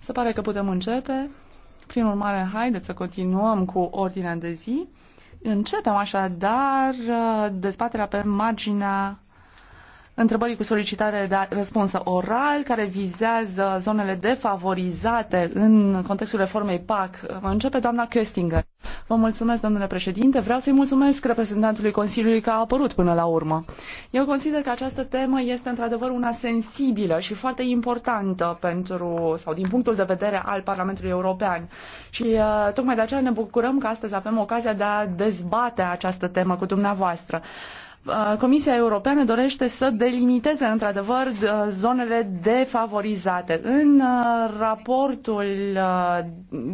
Se pare că putem începe. Prin urmare, haideți să continuăm cu ordinea de zi. Începem așadar uh, dezbaterea pe marginea întrebării cu solicitare de răspuns oral care vizează zonele defavorizate în contextul reformei PAC. Începe doamna Köstinger. Vă mulțumesc, domnule președinte. Vreau să-i mulțumesc reprezentantului Consiliului că a apărut până la urmă. Eu consider că această temă este într-adevăr una sensibilă și foarte importantă pentru, sau din punctul de vedere al Parlamentului European. Și uh, tocmai de aceea ne bucurăm că astăzi avem ocazia de a dezbate această temă cu dumneavoastră. Uh, Comisia Europeană dorește să delimiteze într-adevăr uh, zonele defavorizate. În uh, raportul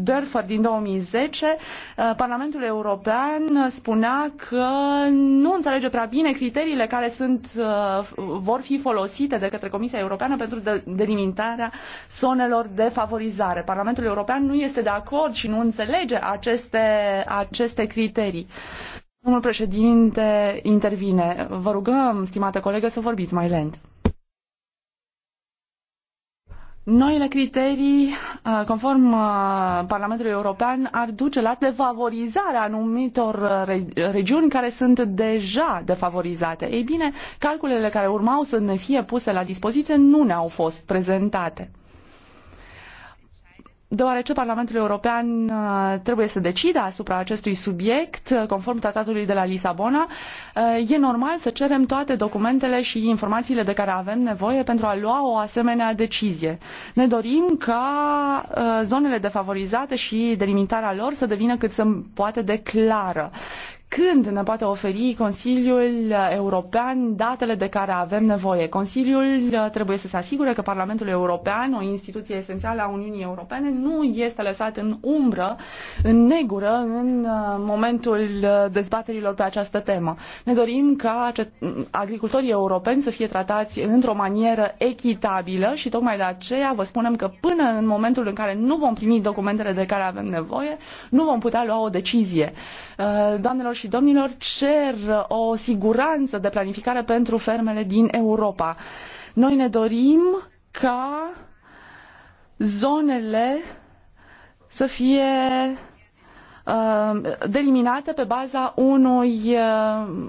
Dörfer din 2010, Parlamentul European spunea că nu înțelege prea bine criteriile care sunt, vor fi folosite de către Comisia Europeană pentru delimitarea zonelor defavorizare. Parlamentul European nu este de acord și nu înțelege aceste, aceste criterii. Domnul președinte intervine. Vă rugăm, stimată colegă, să vorbiți mai lent. Noile criterii, uh, conform uh, Parlamentului European, ar duce la defavorizarea anumitor uh, regiuni care sunt deja defavorizate. Ei bine, calculele care urmau să ne fie puse la dispoziție nu ne-au fost prezentate deoarece Parlamentul European uh, trebuie să decidă asupra acestui subiect, uh, conform tratatului de la Lisabona, uh, e normal să cerem toate documentele și informațiile de care avem nevoie pentru a lua o asemenea decizie. Ne dorim ca zonele defavorizate și delimitarea lor să devină cât se poate de clară când ne poate oferi Consiliul European datele de care avem nevoie. Consiliul uh, trebuie să se asigure că Parlamentul European, o instituție esențială a Uniunii Europene, nu este lăsat în umbră, în negură, în uh, momentul uh, dezbaterilor pe această temă. Ne dorim ca agricultorii europeni să fie tratați într-o manieră echitabilă și tocmai de aceea vă spunem că până în momentul în care nu vom primi documentele de care avem nevoie, nu vom putea lua o decizie. Doamnelor și și domnilor cer o siguranță de planificare pentru fermele din Europa. Noi ne dorim ca zonele să fie uh, deliminate pe baza unui, uh,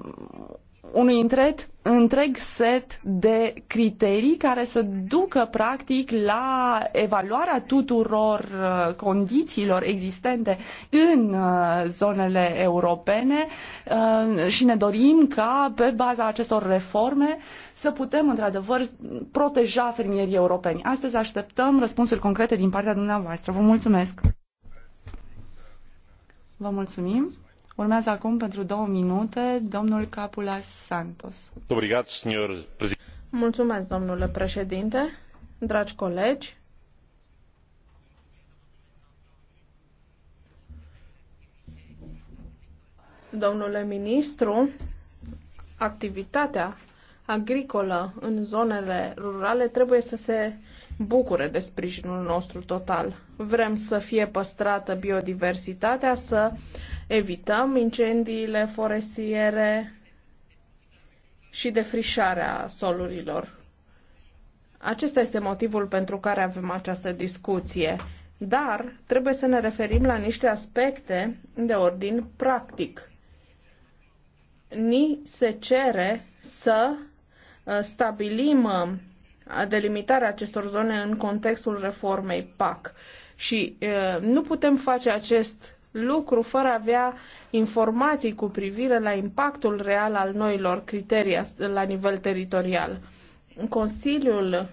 unui întret întreg set de criterii care să ducă practic la evaluarea tuturor uh, condițiilor existente în uh, zonele europene uh, și ne dorim ca pe baza acestor reforme să putem într-adevăr proteja fermierii europeni. Astăzi așteptăm răspunsuri concrete din partea dumneavoastră. Vă mulțumesc! Vă mulțumim! Urmează acum pentru două minute domnul Capulas Santos. Mulțumesc, domnule președinte, dragi colegi. Domnule ministru, activitatea agricolă în zonele rurale trebuie să se bucure de sprijinul nostru total. Vrem să fie păstrată biodiversitatea, să uh, evităm incendiile forestiere și defrișarea solurilor. Acesta este motivul pentru care avem această discuție, dar trebuie să ne referim la niște aspecte de ordin practic. Ni se cere să uh, stabilim uh, delimitarea acestor zone în contextul reformei PAC și uh, nu putem face acest lucru fără a avea informații cu privire la impactul real al noilor criterii la nivel teritorial. Consiliul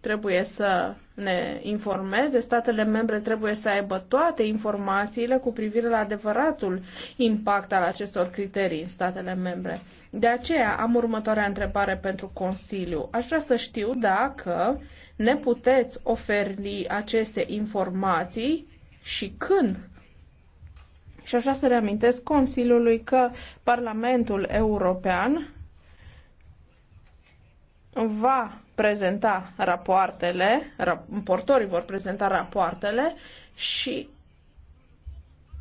trebuie să ne informeze, statele membre trebuie să aibă toate informațiile cu privire la adevăratul impact al acestor criterii în statele membre. De aceea am următoarea întrebare pentru Consiliu. Aș vrea să știu dacă ne puteți oferi aceste informații și când și așa să reamintesc Consiliului că Parlamentul European va prezenta rapoartele, portorii vor prezenta rapoartele și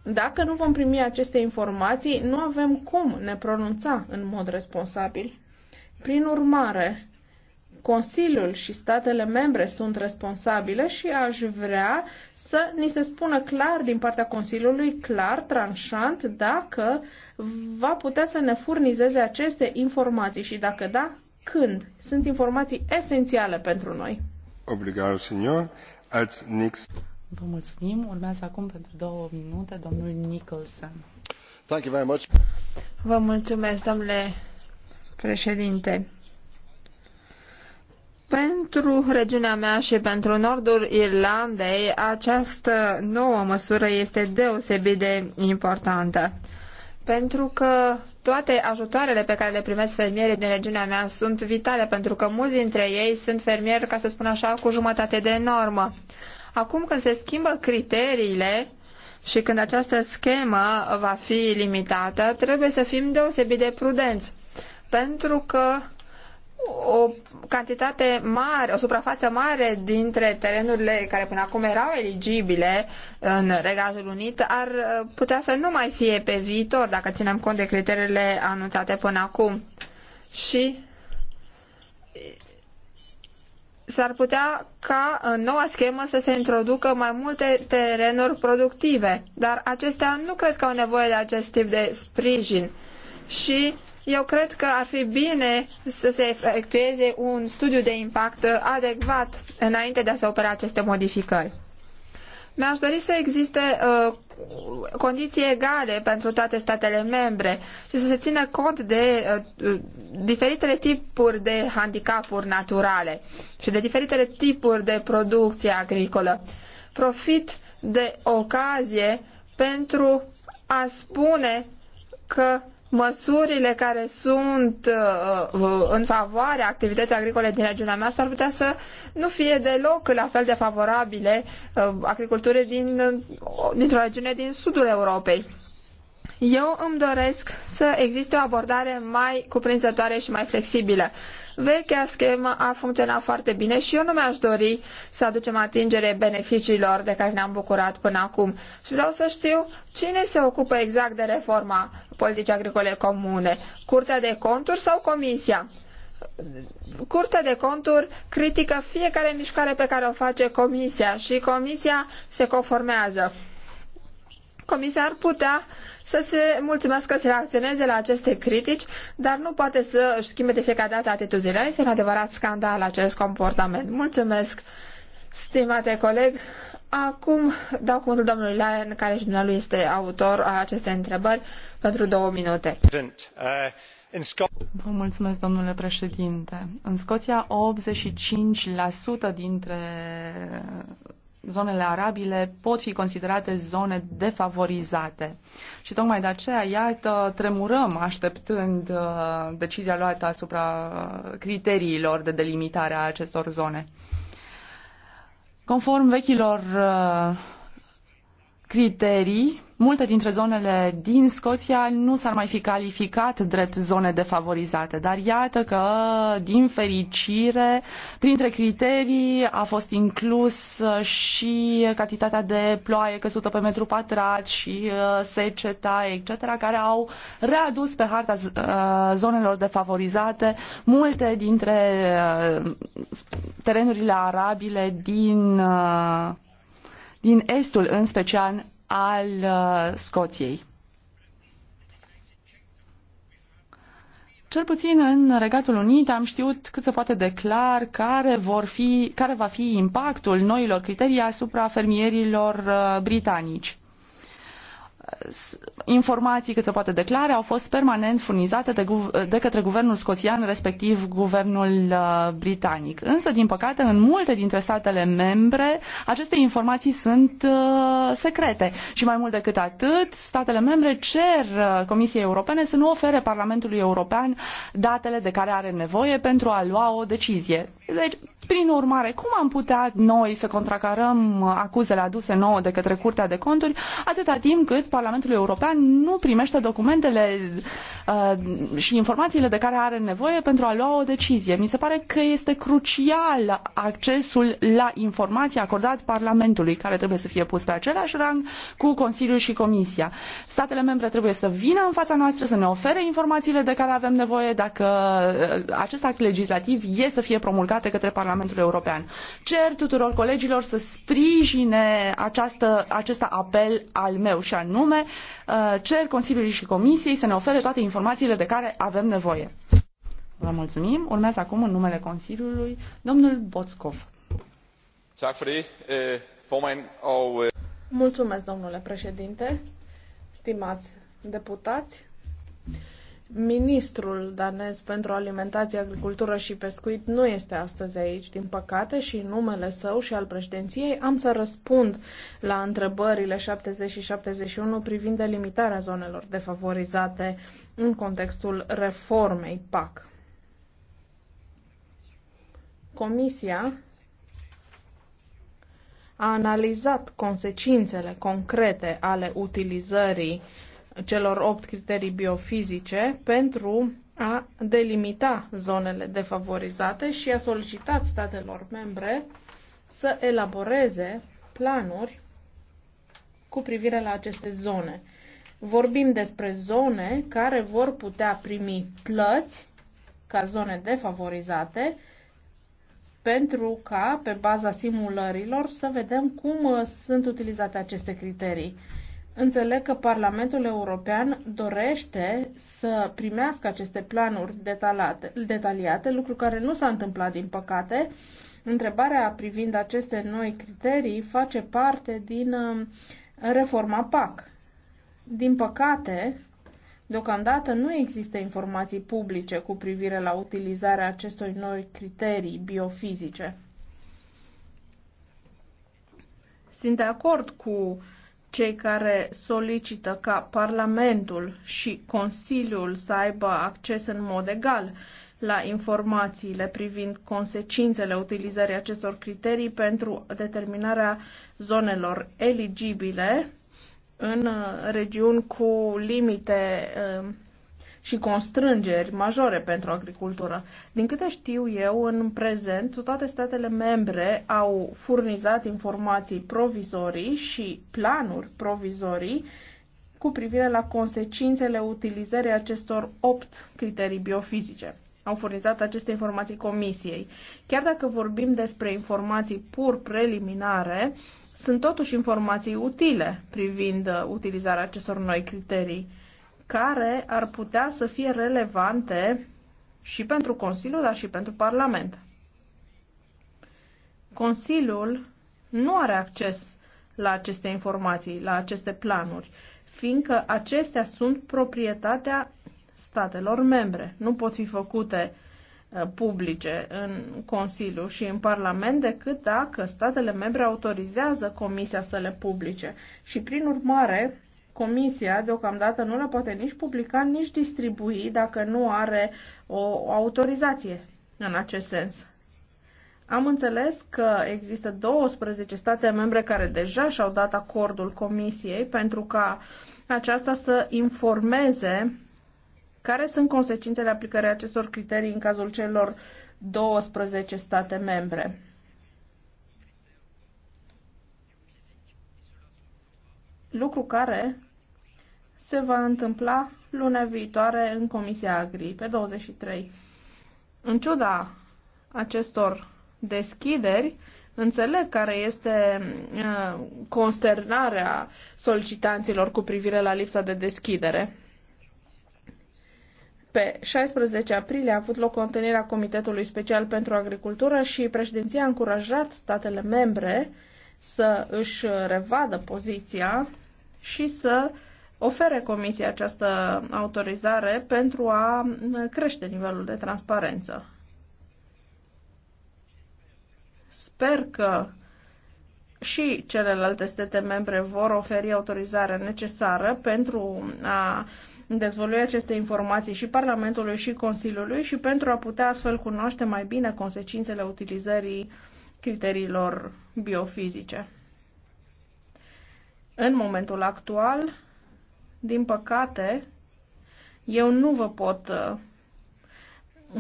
dacă nu vom primi aceste informații, nu avem cum ne pronunța în mod responsabil. Prin urmare, Consiliul și statele membre sunt responsabile și aș vrea să ni se spună clar din partea Consiliului, clar, tranșant, dacă va putea să ne furnizeze aceste informații și dacă da, când. Sunt informații esențiale pentru noi. Obligat, senior. Ați nix. Vă mulțumim. Urmează acum pentru două minute domnul Nicholson. Thank you very much. Vă mulțumesc, domnule președinte. Pentru regiunea mea și pentru nordul Irlandei, această nouă măsură este deosebit de importantă. Pentru că toate ajutoarele pe care le primesc fermierii din regiunea mea sunt vitale, pentru că mulți dintre ei sunt fermieri, ca să spun așa, cu jumătate de normă. Acum când se schimbă criteriile și când această schemă va fi limitată, trebuie să fim deosebit de prudenți. Pentru că o cantitate mare, o suprafață mare dintre terenurile care până acum erau eligibile în Regatul Unit ar uh, putea să nu mai fie pe viitor, dacă ținem cont de criteriile anunțate până acum. Și uh, s-ar putea ca în uh, noua schemă să se introducă mai multe terenuri productive, dar acestea nu cred că au nevoie de acest tip de sprijin. Și eu cred că ar fi bine să se efectueze un studiu de impact adecvat înainte de a se opera aceste modificări. Mi-aș dori să existe uh, condiții egale pentru toate statele membre și să se țină cont de uh, diferitele tipuri de handicapuri naturale și de diferitele tipuri de producție agricolă. Profit de ocazie pentru a spune că uh, măsurile care sunt uh, uh, în favoarea activității agricole din regiunea mea s-ar putea să nu fie deloc la fel de favorabile uh, agriculturii din, dintr-o regiune din sudul Europei. Eu îmi doresc să existe o abordare mai cuprinzătoare și mai flexibilă. Vechea schemă a funcționat foarte bine și eu nu mi-aș dori să aducem atingere beneficiilor de care ne-am bucurat până acum. Și vreau să știu cine se ocupă exact de reforma politicii agricole comune, Curtea de Conturi sau Comisia? Curtea de conturi critică fiecare mișcare pe care o face comisia și comisia se conformează. Comisar putea să se mulțumească să reacționeze la aceste critici, dar nu poate să își schimbe de fiecare dată atitudinea. Este un adevărat scandal acest comportament. Mulțumesc, stimate coleg. Acum dau cuvântul domnului Lyon, care și dumnealui este autor a acestei întrebări, pentru două minute. Vă mulțumesc, domnule președinte. În Scoția, 85% dintre zonele arabile pot fi considerate zone defavorizate. Și tocmai de aceea, iată, tremurăm așteptând uh, decizia luată asupra criteriilor de delimitare a acestor zone. Conform vechilor uh, criterii, multe dintre zonele din Scoția nu s-ar mai fi calificat drept zone defavorizate, dar iată că, din fericire, printre criterii a fost inclus uh, și cantitatea de ploaie căzută pe metru pătrat și uh, seceta, etc., care au readus pe harta uh, zonelor defavorizate multe dintre terenurile arabile din din estul în special al uh, Scoției. Cel puțin în Regatul Unit am știut cât se poate de clar care, vor fi, care va fi impactul noilor criterii asupra fermierilor uh, britanici informații cât se poate declare au fost permanent furnizate de, de către guvernul scoțian, respectiv guvernul uh, britanic. Însă, din păcate, în multe dintre statele membre, aceste informații sunt uh, secrete. Și mai mult decât atât, statele membre cer uh, Comisiei Europene să nu ofere Parlamentului European datele de care are nevoie pentru a lua o decizie. Deci, prin urmare, cum am putea noi să contracarăm uh, acuzele aduse nouă de către Curtea de Conturi atâta timp cât Parlamentului European nu primește documentele uh, și informațiile de care are nevoie pentru a lua o decizie. Mi se pare că este crucial accesul la informații acordat Parlamentului, care trebuie să fie pus pe același rang cu Consiliul și Comisia. Statele membre trebuie să vină în fața noastră, să ne ofere informațiile de care avem nevoie dacă uh, acest act legislativ e să fie promulgat de către Parlamentul European. Cer tuturor colegilor să sprijine această, acest apel al meu și anume anume uh, cer Consiliului și Comisiei să ne ofere toate informațiile de care avem nevoie. Vă mulțumim. Urmează acum în numele Consiliului domnul Boțcov. Øh, øh- Mulțumesc, domnule președinte, stimați deputați. Ministrul danez pentru alimentație, agricultură și pescuit nu este astăzi aici, din păcate, și în numele său și al președinției am să răspund la întrebările 70 și 71 privind delimitarea zonelor defavorizate în contextul reformei PAC. Comisia a analizat consecințele concrete ale utilizării uh, celor opt criterii biofizice pentru a delimita zonele defavorizate și a solicitat statelor membre să elaboreze planuri cu privire la aceste zone. Vorbim despre zone care vor putea primi plăți ca zone defavorizate pentru ca, pe baza simulărilor, să vedem cum uh, sunt utilizate aceste criterii. Înțeleg că Parlamentul European dorește să primească aceste planuri detalate, detaliate, lucru care nu s-a întâmplat, din păcate. Întrebarea privind aceste noi criterii face parte din uh, reforma PAC. Din păcate, deocamdată nu există informații publice cu privire la utilizarea acestor noi criterii biofizice. Sunt de acord cu uh, cei care solicită ca Parlamentul și Consiliul să aibă acces în mod egal la informațiile privind consecințele utilizării acestor criterii pentru determinarea zonelor eligibile în uh, regiuni cu limite uh, și constrângeri majore pentru agricultură. Din câte știu eu, în prezent, toate statele membre au furnizat informații provizorii și planuri provizorii cu privire la consecințele utilizării acestor opt criterii biofizice. Au furnizat aceste informații comisiei. Chiar dacă vorbim despre informații pur preliminare, sunt totuși informații utile privind uh, utilizarea acestor noi criterii care ar putea să fie relevante și pentru Consiliu, dar și pentru Parlament. Consiliul nu are acces la aceste informații, la aceste planuri, fiindcă acestea sunt proprietatea statelor membre. Nu pot fi făcute uh, publice în Consiliu și în Parlament decât dacă statele membre autorizează Comisia să le publice. Și prin urmare, Comisia deocamdată nu le poate nici publica, nici distribui dacă nu are o autorizație în acest sens. Am înțeles că există 12 state membre care deja și-au dat acordul Comisiei pentru ca aceasta să informeze care sunt consecințele aplicării acestor criterii în cazul celor 12 state membre. Lucru care se va întâmpla luna viitoare în Comisia Agri, pe 23. În ciuda acestor deschideri, înțeleg care este uh, consternarea solicitanților cu privire la lipsa de deschidere. Pe 16 aprilie a avut loc o întâlnire a Comitetului Special pentru Agricultură și președinția a încurajat statele membre să își revadă poziția și să uh, ofere Comisiei această autorizare pentru a crește nivelul de transparență. Sper că și celelalte state membre vor oferi autorizarea necesară pentru a dezvolui aceste informații și Parlamentului și Consiliului și pentru a putea astfel cunoaște mai bine consecințele utilizării criteriilor biofizice. În momentul actual, din păcate, eu nu vă pot uh,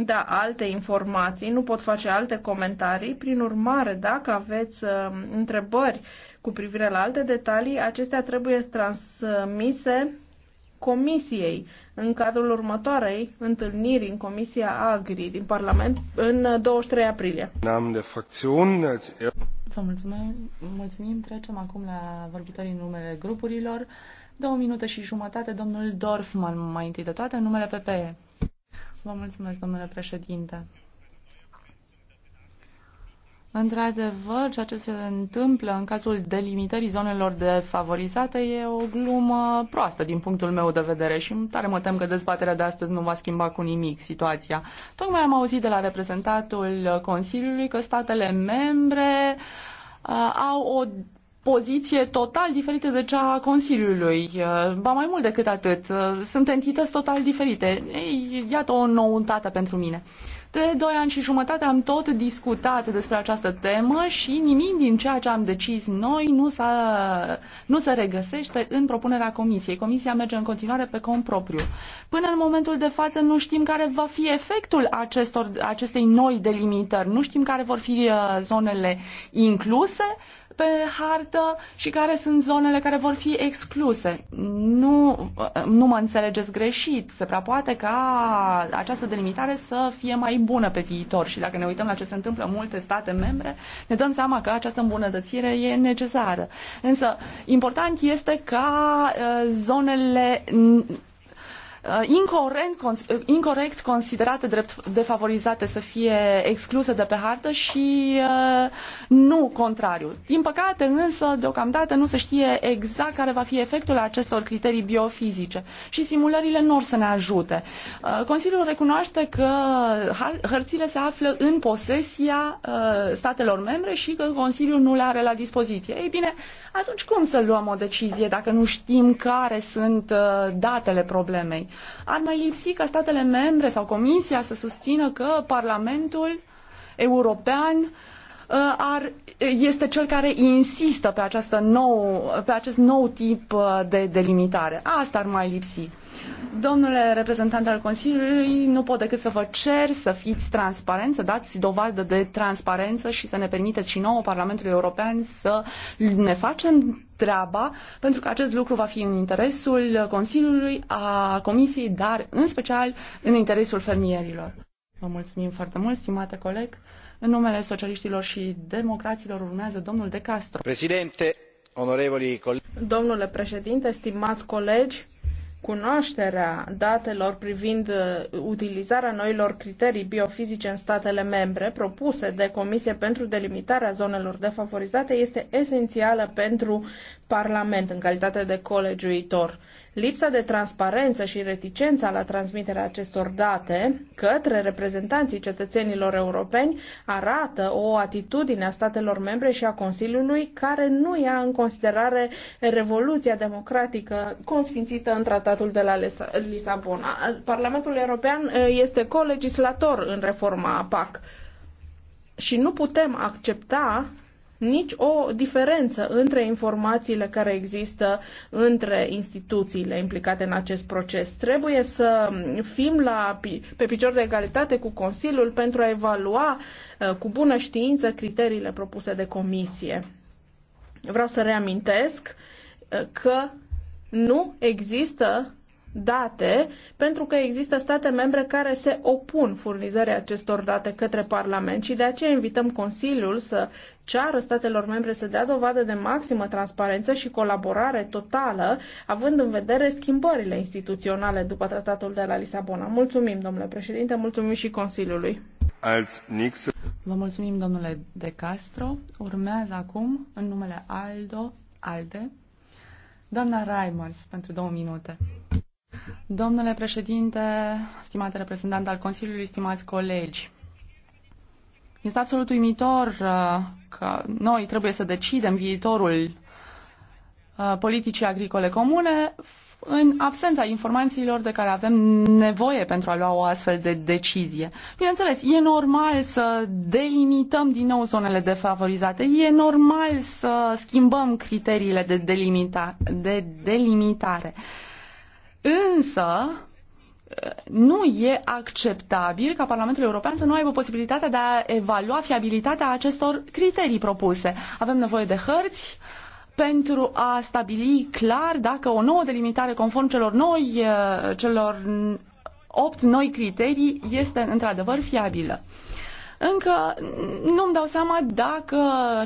da alte informații, nu pot face alte comentarii. Prin urmare, dacă aveți uh, întrebări cu privire la alte detalii, acestea trebuie transmise Comisiei în cadrul următoarei întâlniri în Comisia Agri din Parlament în 23 uh, aprilie. Vă mulțumim. Mulțumim. Trecem acum la vorbitorii numele grupurilor. Două minute și jumătate, domnul Dorfman, mai întâi de toate, în numele PPE. Vă mulțumesc, domnule președinte. Într-adevăr, ceea ce se întâmplă în cazul delimitării zonelor defavorizate e o glumă proastă din punctul meu de vedere și tare mă tem că dezbaterea de astăzi nu va schimba cu nimic situația. Tocmai am auzit de la reprezentatul Consiliului că statele membre uh, au o poziție total diferită de cea a Consiliului. Uh, ba mai mult decât atât, uh, sunt entități total diferite. Ei, iată o nouătate pentru mine. De doi ani și jumătate am tot discutat despre această temă și nimic din ceea ce am decis noi nu, s-a, nu se regăsește în propunerea comisiei. Comisia merge în continuare pe cont propriu. Până în momentul de față nu știm care va fi efectul acestor, acestei noi delimitări, nu știm care vor fi uh, zonele incluse pe hartă și care sunt zonele care vor fi excluse. Nu, uh, nu mă înțelegeți greșit, se prea poate ca această delimitare să fie mai bună pe viitor și dacă ne uităm la ce se întâmplă în multe state membre, ne dăm seama că această îmbunătățire e necesară. Însă, important este ca uh, zonele Uh, incorrent, uh, incorrect considerate drept defavorizate să fie excluse de pe hartă și uh, nu contrariul. Din păcate însă deocamdată nu se știe exact care va fi efectul acestor criterii biofizice și simulările nu or să ne ajute. Consiliul recunoaște că hărțile se află în posesia statelor membre și că Consiliul nu le are la dispoziție. Ei bine, atunci cum să luăm o decizie dacă nu știm care sunt uh, datele problemei? Ar mai lipsi ca statele membre sau Comisia să susțină că Parlamentul European Uh, ar, este cel care insistă pe, această nou, pe acest nou tip uh, de delimitare. Asta ar mai lipsi. Domnule reprezentant al Consiliului, nu pot decât să vă cer să fiți transparenți, să dați dovadă de transparență și să ne permiteți și nouă Parlamentului European să ne facem treaba, pentru că acest lucru va fi în interesul Consiliului, a Comisiei, dar în special în interesul fermierilor. Vă mulțumim foarte mult, stimate coleg. În numele socialiștilor și democraților urmează domnul De Castro. Președinte, onorevoli Domnule președinte, stimați colegi, cunoașterea datelor privind uh, utilizarea noilor criterii biofizice în statele membre propuse de Comisie pentru delimitarea zonelor defavorizate este esențială pentru Parlament în calitate de colegiuitor. Lipsa de transparență și reticența la transmiterea acestor date către reprezentanții cetățenilor europeni arată o atitudine a statelor membre și a Consiliului care nu ia în considerare revoluția democratică consfințită în tratatul de la Lisabona. Parlamentul European este colegislator în reforma PAC și nu putem accepta nici o diferență între informațiile care există între instituțiile implicate în acest proces. Trebuie să fim la, pe picior de egalitate cu Consiliul pentru a evalua uh, cu bună știință criteriile propuse de Comisie. Vreau să reamintesc uh, că nu există date, pentru că există state membre care se opun furnizării acestor date către Parlament și de aceea invităm Consiliul să ceară statelor membre să dea dovadă de maximă transparență și colaborare totală, având în vedere schimbările instituționale după tratatul de la Lisabona. Mulțumim, domnule președinte, mulțumim și Consiliului. Vă mulțumim, domnule De Castro. Urmează acum, în numele Aldo, Alde, doamna Reimers, pentru două minute. Domnule președinte, stimate reprezentant al Consiliului, stimați colegi, este absolut uimitor uh, că noi trebuie să decidem viitorul uh, politicii agricole comune în absența informațiilor de care avem nevoie pentru a lua o astfel de decizie. Bineînțeles, e normal să delimităm din nou zonele defavorizate, e normal să schimbăm criteriile de, delimita, de delimitare. Uh, Însă, nu e acceptabil ca Parlamentul European să nu aibă posibilitatea de a evalua fiabilitatea acestor criterii propuse. Avem nevoie de hărți pentru a stabili clar dacă o nouă delimitare conform celor noi, celor opt noi criterii este într-adevăr fiabilă încă nu-mi dau seama dacă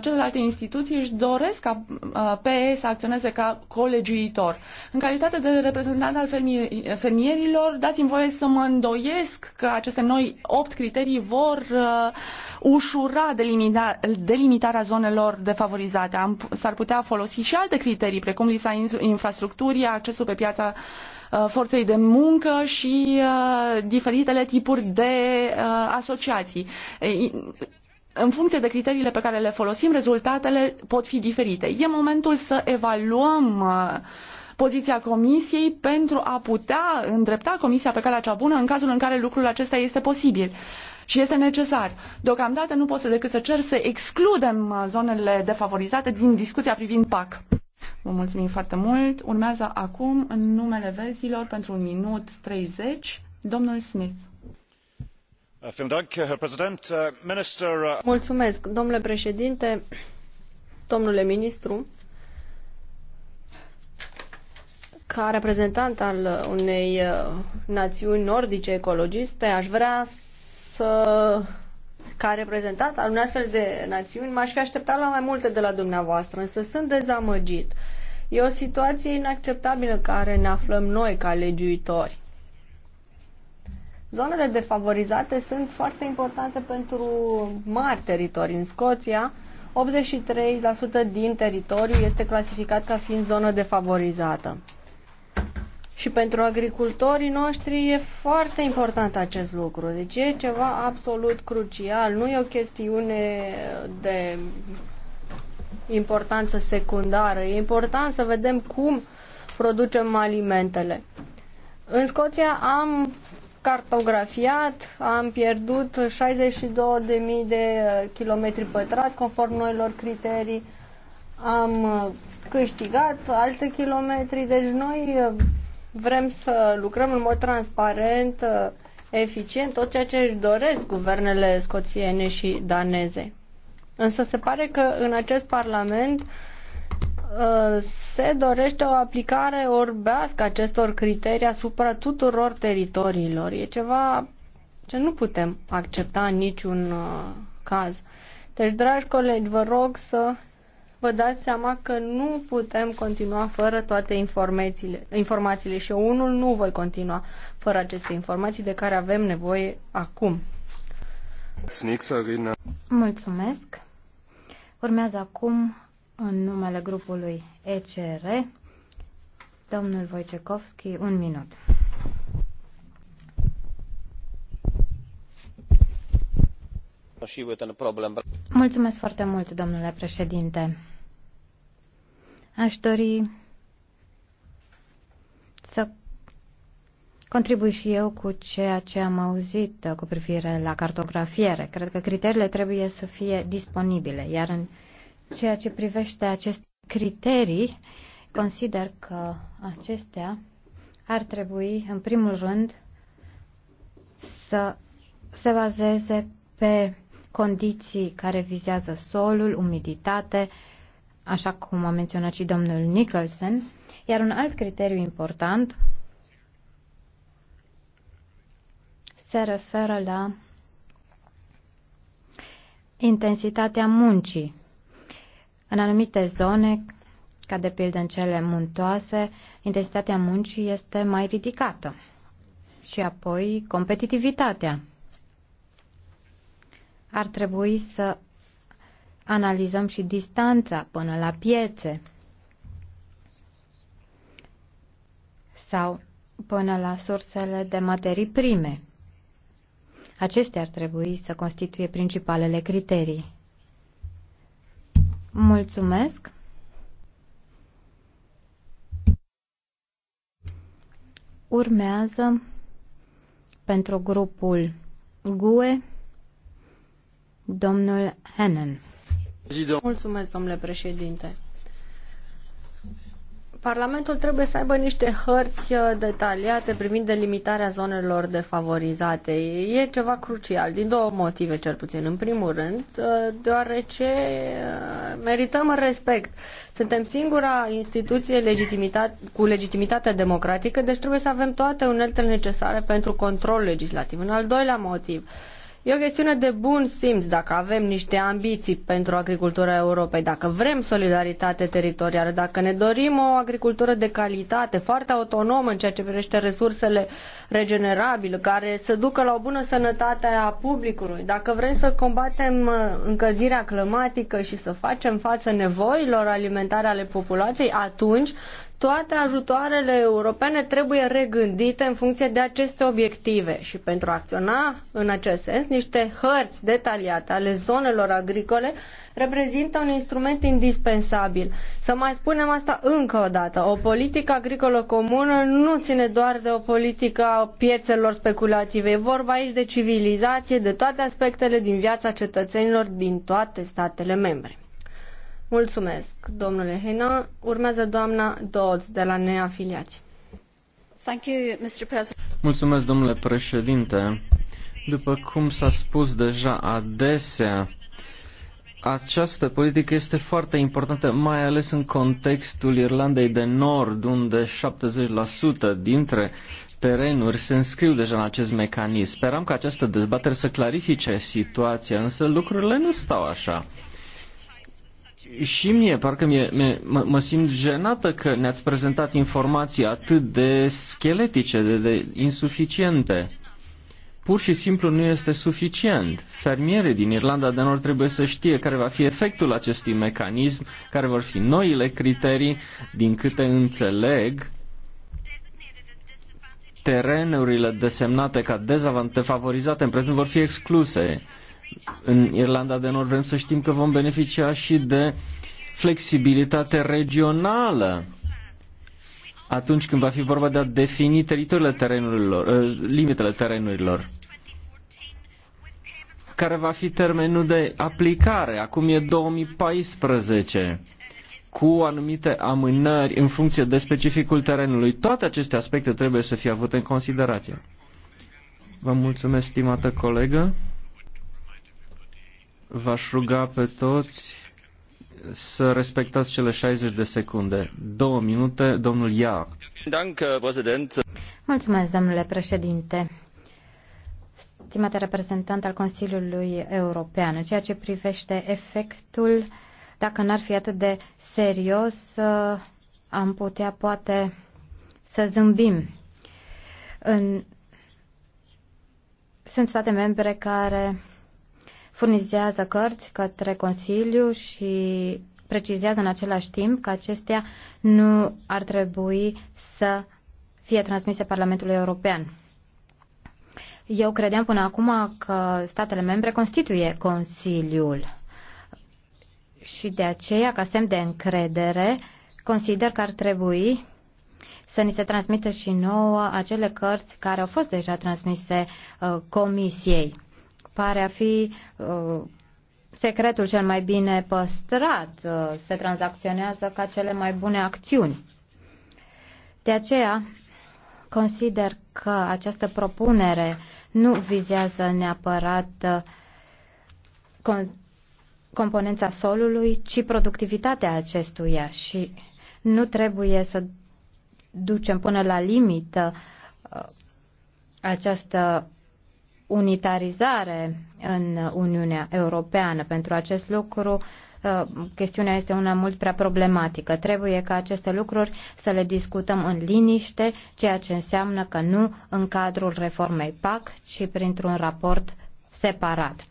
celelalte instituții își doresc ca PE să acționeze ca colegiuitor. În calitate de reprezentant al fermierilor, dați-mi voie să mă îndoiesc că aceste noi opt criterii vor ușura delimita, delimitarea zonelor defavorizate. s-ar putea folosi și alte criterii, precum lisa infrastructurii, accesul pe piața uh, Uh, forței de muncă și uh, diferitele tipuri de uh, asociații. În funcție de criteriile pe care le folosim, rezultatele pot fi diferite. E momentul să evaluăm poziția Comisiei pentru a putea îndrepta Comisia pe calea cea bună în cazul în care lucrul acesta este posibil și este necesar. Deocamdată nu pot să decât să cer să excludem zonele defavorizate din discuția privind PAC. Vă mulțumim foarte mult. Urmează acum, în numele verzilor, pentru un minut 30, domnul Smith. Uh, uh, uh, Mulțumesc, domnule președinte, domnule ministru. Ca reprezentant al unei națiuni nordice ecologiste, aș vrea să ca reprezentant al unei astfel de națiuni, m-aș fi așteptat la mai multe de la dumneavoastră, însă sunt dezamăgit. Uh, E o situație inacceptabilă care ne aflăm noi ca legiuitori. Zonele defavorizate sunt foarte importante pentru mari teritorii. În Scoția, 83% din teritoriu este clasificat ca fiind zonă defavorizată. Și pentru agricultorii noștri e foarte important acest lucru. Deci e ceva absolut crucial. Nu e o chestiune de importanță secundară. E important să vedem cum producem alimentele. În Scoția am cartografiat, am pierdut 62.000 de uh, kilometri pătrați conform noilor criterii, am uh, câștigat alte kilometri, deci noi uh, vrem să lucrăm în mod transparent, eficient, tot ceea ce își doresc guvernele scoțiene și daneze. Însă se pare că în acest Parlament uh, se dorește o aplicare orbească acestor criterii asupra tuturor teritoriilor. E ceva ce nu putem accepta în niciun uh, caz. Deci, dragi colegi, vă rog să vă dați seama că nu putem continua fără toate informațiile, informațiile și eu unul nu voi continua fără aceste informații de care avem nevoie acum. Mulțumesc. Urmează acum, în numele grupului ECR, domnul Wojciechowski, un minut. Mulțumesc foarte mult, domnule președinte. Aș dori să Contribui și eu cu ceea ce am auzit uh, cu privire la cartografiere. Cred că criteriile trebuie să fie disponibile, iar în ceea ce privește aceste criterii, consider că acestea ar trebui, în primul rând, să se bazeze pe condiții care vizează solul, umiditate, așa cum a menționat și domnul Nicholson, iar un alt criteriu important se referă la intensitatea muncii. În anumite zone, ca de pildă în cele muntoase, intensitatea muncii este mai ridicată. Și apoi competitivitatea. Ar trebui să analizăm și distanța până la piețe sau până la sursele de materii prime. Acestea ar trebui să constituie principalele criterii. Mulțumesc! Urmează pentru grupul GUE domnul Hennen. Mulțumesc, domnule președinte. Parlamentul trebuie să aibă niște hărți uh, detaliate privind delimitarea zonelor defavorizate. E ceva crucial, din două motive cel puțin. În primul rând, uh, deoarece uh, merităm respect. Suntem singura instituție legitimitate, cu legitimitate democratică, deci trebuie să avem toate uneltele necesare pentru control legislativ. În al doilea motiv, E o chestiune de bun simț dacă avem niște ambiții pentru agricultura Europei, dacă vrem solidaritate teritorială, dacă ne dorim o agricultură de calitate, foarte autonomă în ceea ce privește resursele regenerabile, care să ducă la o bună sănătate a publicului, dacă vrem să combatem uh, încălzirea climatică și să facem față nevoilor alimentare ale populației, atunci toate ajutoarele europene trebuie regândite în funcție de aceste obiective și pentru a acționa în acest sens, niște hărți detaliate ale zonelor agricole reprezintă un instrument indispensabil. Să mai spunem asta încă o dată. O politică agricolă comună nu ține doar de o politică a piețelor speculative. E vorba aici de civilizație, de toate aspectele din viața cetățenilor din toate statele membre. Mulțumesc, domnule Hena. Urmează doamna Dodds de la Neafiliați. Thank you, Mr. President. Mulțumesc, domnule președinte. După cum s-a spus deja adesea, această politică este foarte importantă, mai ales în contextul Irlandei de Nord, unde 70% dintre terenuri se înscriu deja în acest mecanism. Speram că această dezbatere să clarifice situația, însă lucrurile nu stau așa și mie, parcă mie, mie, mă, mă simt jenată că ne-ați prezentat informații atât de scheletice, de, de insuficiente. Pur și simplu nu este suficient. Fermierii din Irlanda de Nord trebuie să știe care va fi efectul acestui mecanism, care vor fi noile criterii, din câte înțeleg, terenurile desemnate ca dezavantajate, favorizate în prezent vor fi excluse în Irlanda de Nord vrem să știm că vom beneficia și de flexibilitate regională atunci când va fi vorba de a defini teritoriile terenurilor, ă, limitele terenurilor. Care va fi termenul de aplicare? Acum e 2014 cu anumite amânări în funcție de specificul terenului. Toate aceste aspecte trebuie să fie avute în considerație. Vă mulțumesc, stimată colegă v-aș ruga pe toți să respectați cele 60 de secunde. Două minute, domnul Ia. Uh, Mulțumesc, domnule președinte. Stimate reprezentant al Consiliului European, în ceea ce privește efectul, dacă n-ar fi atât de serios, uh, am putea poate să zâmbim. În... Sunt state membre care furnizează cărți către Consiliu și precizează în același timp că acestea nu ar trebui să fie transmise Parlamentului European. Eu credeam până acum că statele membre constituie Consiliul și de aceea, ca semn de încredere, consider că ar trebui să ni se transmită și nouă acele cărți care au fost deja transmise uh, Comisiei pare a fi uh, secretul cel mai bine păstrat, uh, se tranzacționează ca cele mai bune acțiuni. De aceea, consider că această propunere nu vizează neapărat uh, con- componența solului, ci productivitatea acestuia și nu trebuie să ducem până la limită uh, această unitarizare în Uniunea Europeană. Pentru acest lucru, uh, chestiunea este una mult prea problematică. Trebuie ca aceste lucruri să le discutăm în liniște, ceea ce înseamnă că nu în cadrul reformei PAC, ci printr-un raport separat.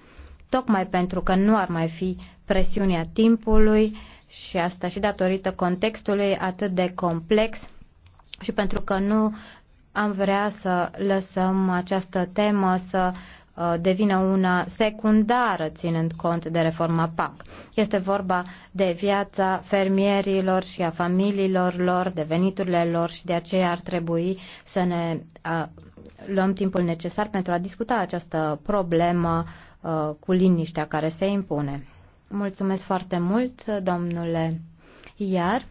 Tocmai pentru că nu ar mai fi presiunea timpului și asta și datorită contextului atât de complex și pentru că nu am vrea să lăsăm această temă să uh, devină una secundară, ținând cont de reforma PAC. Este vorba de viața fermierilor și a familiilor lor, de veniturile lor și de aceea ar trebui să ne a, uh, luăm timpul necesar pentru a discuta această problemă a, uh, cu liniștea care se impune. Mulțumesc foarte mult, domnule Iar.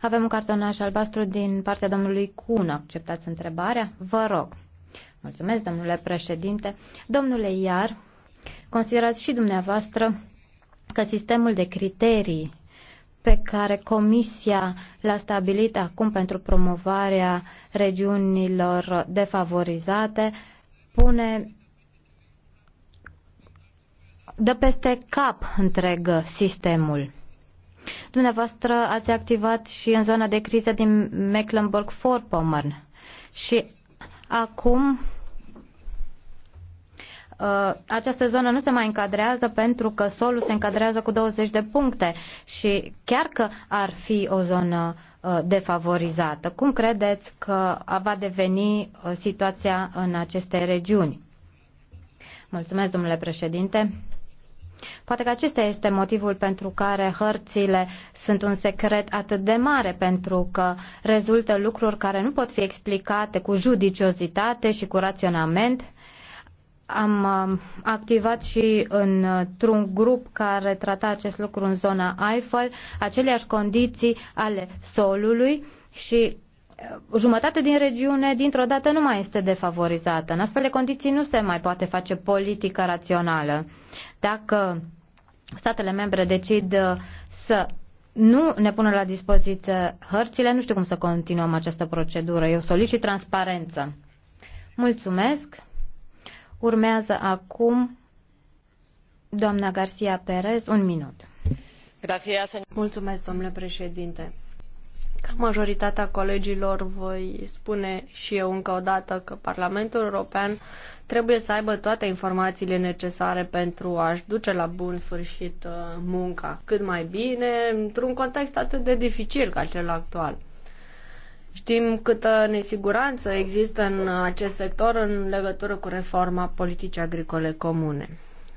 Avem un cartonaș albastru din partea domnului Cună. Acceptați întrebarea? Vă rog. Mulțumesc, domnule președinte. Domnule Iar, considerați și dumneavoastră că sistemul de criterii pe care Comisia l-a stabilit acum pentru promovarea regiunilor defavorizate pune dă peste cap întreg sistemul. Dumneavoastră ați activat și în zona de criză din Mecklenburg-Vorpommern și acum uh, această zonă nu se mai încadrează pentru că solul se încadrează cu 20 de puncte și chiar că ar fi o zonă uh, defavorizată. Cum credeți că va deveni uh, situația în aceste regiuni? Mulțumesc, domnule președinte. Poate că acesta este motivul pentru care hărțile sunt un secret atât de mare, pentru că rezultă lucruri care nu pot fi explicate cu judiciozitate și cu raționament. Am um, activat și într-un grup care trata acest lucru în zona Eiffel, aceleași condiții ale solului și jumătate din regiune dintr-o dată nu mai este defavorizată. În astfel de condiții nu se mai poate face politică rațională. Dacă statele membre decid uh, să nu ne pună la dispoziție hărțile, nu știu cum să continuăm această procedură. Eu solicit transparență. Mulțumesc. Urmează acum doamna Garcia Perez, un minut. Mulțumesc, domnule președinte majoritatea colegilor voi spune și eu încă o dată că Parlamentul European trebuie să aibă toate informațiile necesare pentru a-și duce la bun sfârșit uh, munca cât mai bine, într-un context atât de dificil ca cel actual. Știm câtă nesiguranță există în acest sector în legătură cu reforma politicii agricole comune.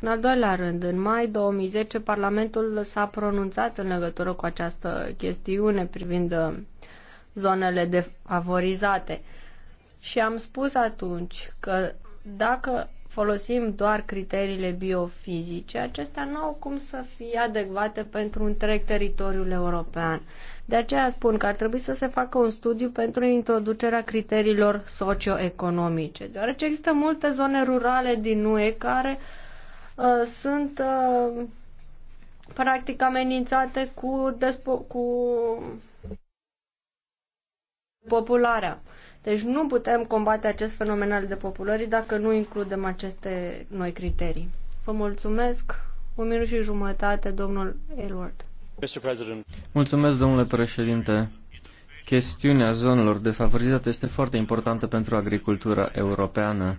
În al doilea rând, în mai 2010, Parlamentul s-a pronunțat în legătură cu această chestiune privind uh, zonele defavorizate. Și am spus atunci că dacă folosim doar criteriile biofizice, acestea nu au cum să fie adecvate pentru întreg teritoriul european. De aceea spun că ar trebui să se facă un studiu pentru introducerea criteriilor socioeconomice, deoarece există multe zone rurale din UE care uh, Uh, sunt uh, practic amenințate cu, despo- cu popularea. Deci nu putem combate acest fenomen al depopulării dacă nu includem aceste noi criterii. Vă mulțumesc. Un minut și jumătate, domnul Elward. Mulțumesc, domnule președinte. Chestiunea zonelor defavorizate este foarte importantă pentru agricultura europeană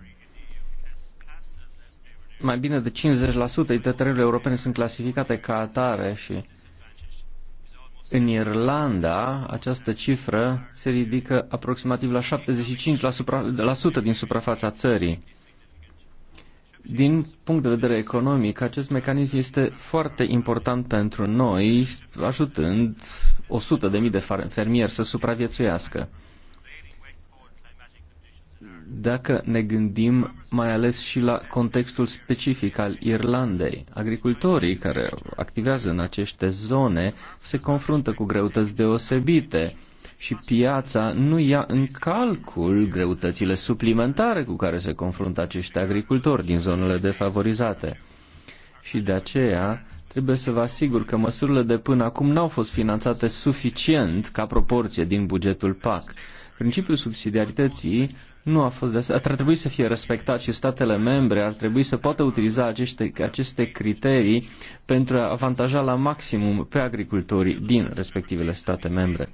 mai bine de 50% dintre terenurile europene sunt clasificate ca atare și în Irlanda această cifră se ridică aproximativ la 75% la supra, la sută din suprafața țării. Din punct de vedere economic, acest mecanism este foarte important pentru noi, ajutând 100.000 de fermieri să supraviețuiască dacă ne gândim mai ales și la contextul specific al Irlandei. Agricultorii care activează în aceste zone se confruntă cu greutăți deosebite și piața nu ia în calcul greutățile suplimentare cu care se confruntă acești agricultori din zonele defavorizate. Și de aceea trebuie să vă asigur că măsurile de până acum n-au fost finanțate suficient ca proporție din bugetul PAC. Principiul subsidiarității nu a fost de Ar trebui să fie respectat și statele membre ar trebui să poată utiliza aceste, aceste criterii pentru a avantaja la maximum pe agricultorii din respectivele state membre.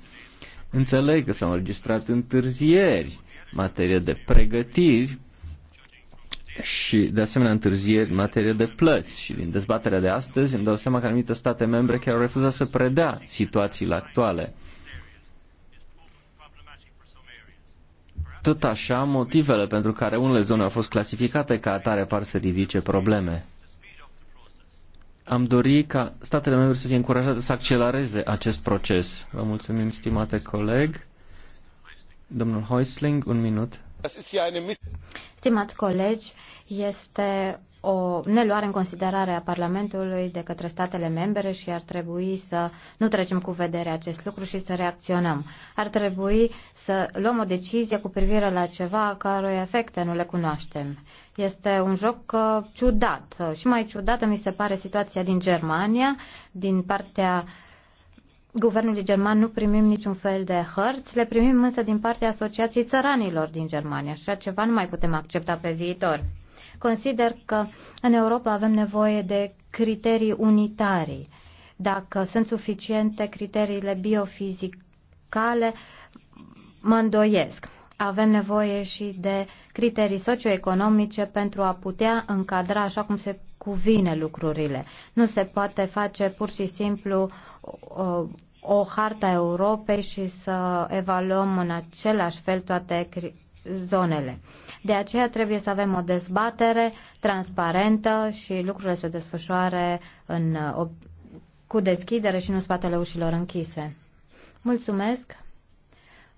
Înțeleg că s-au înregistrat întârzieri în materie de pregătiri și, de asemenea, întârzieri în materie de plăți. Și din dezbaterea de astăzi îmi dau seama că anumite state membre chiar au refuzat să predea situațiile actuale. Tot așa, motivele pentru care unele zone au fost clasificate ca atare par să ridice probleme. Am dori ca statele membre să fie încurajate să accelereze acest proces. Vă mulțumim, stimate coleg. Domnul Heusling, un minut. Stimați colegi, este o neluare în considerare a Parlamentului de către statele membre și ar trebui să nu trecem cu vedere acest lucru și să reacționăm. Ar trebui să luăm o decizie cu privire la ceva care efecte nu le cunoaștem. Este un joc uh, ciudat uh, și mai ciudată mi se pare situația din Germania, din partea Guvernului german nu primim niciun fel de hărți, le primim însă din partea Asociației Țăranilor din Germania. Așa ceva nu mai putem accepta pe viitor. Consider că în Europa avem nevoie de criterii unitare. Dacă sunt suficiente criteriile biofizicale, mă îndoiesc. Avem nevoie și de criterii socioeconomice pentru a putea încadra așa cum se cuvine lucrurile. Nu se poate face pur și simplu uh, o, o harta Europei și să evaluăm în același fel toate zonele. De aceea trebuie să avem o dezbatere transparentă și lucrurile se desfășoare în, cu deschidere și nu în spatele ușilor închise. Mulțumesc!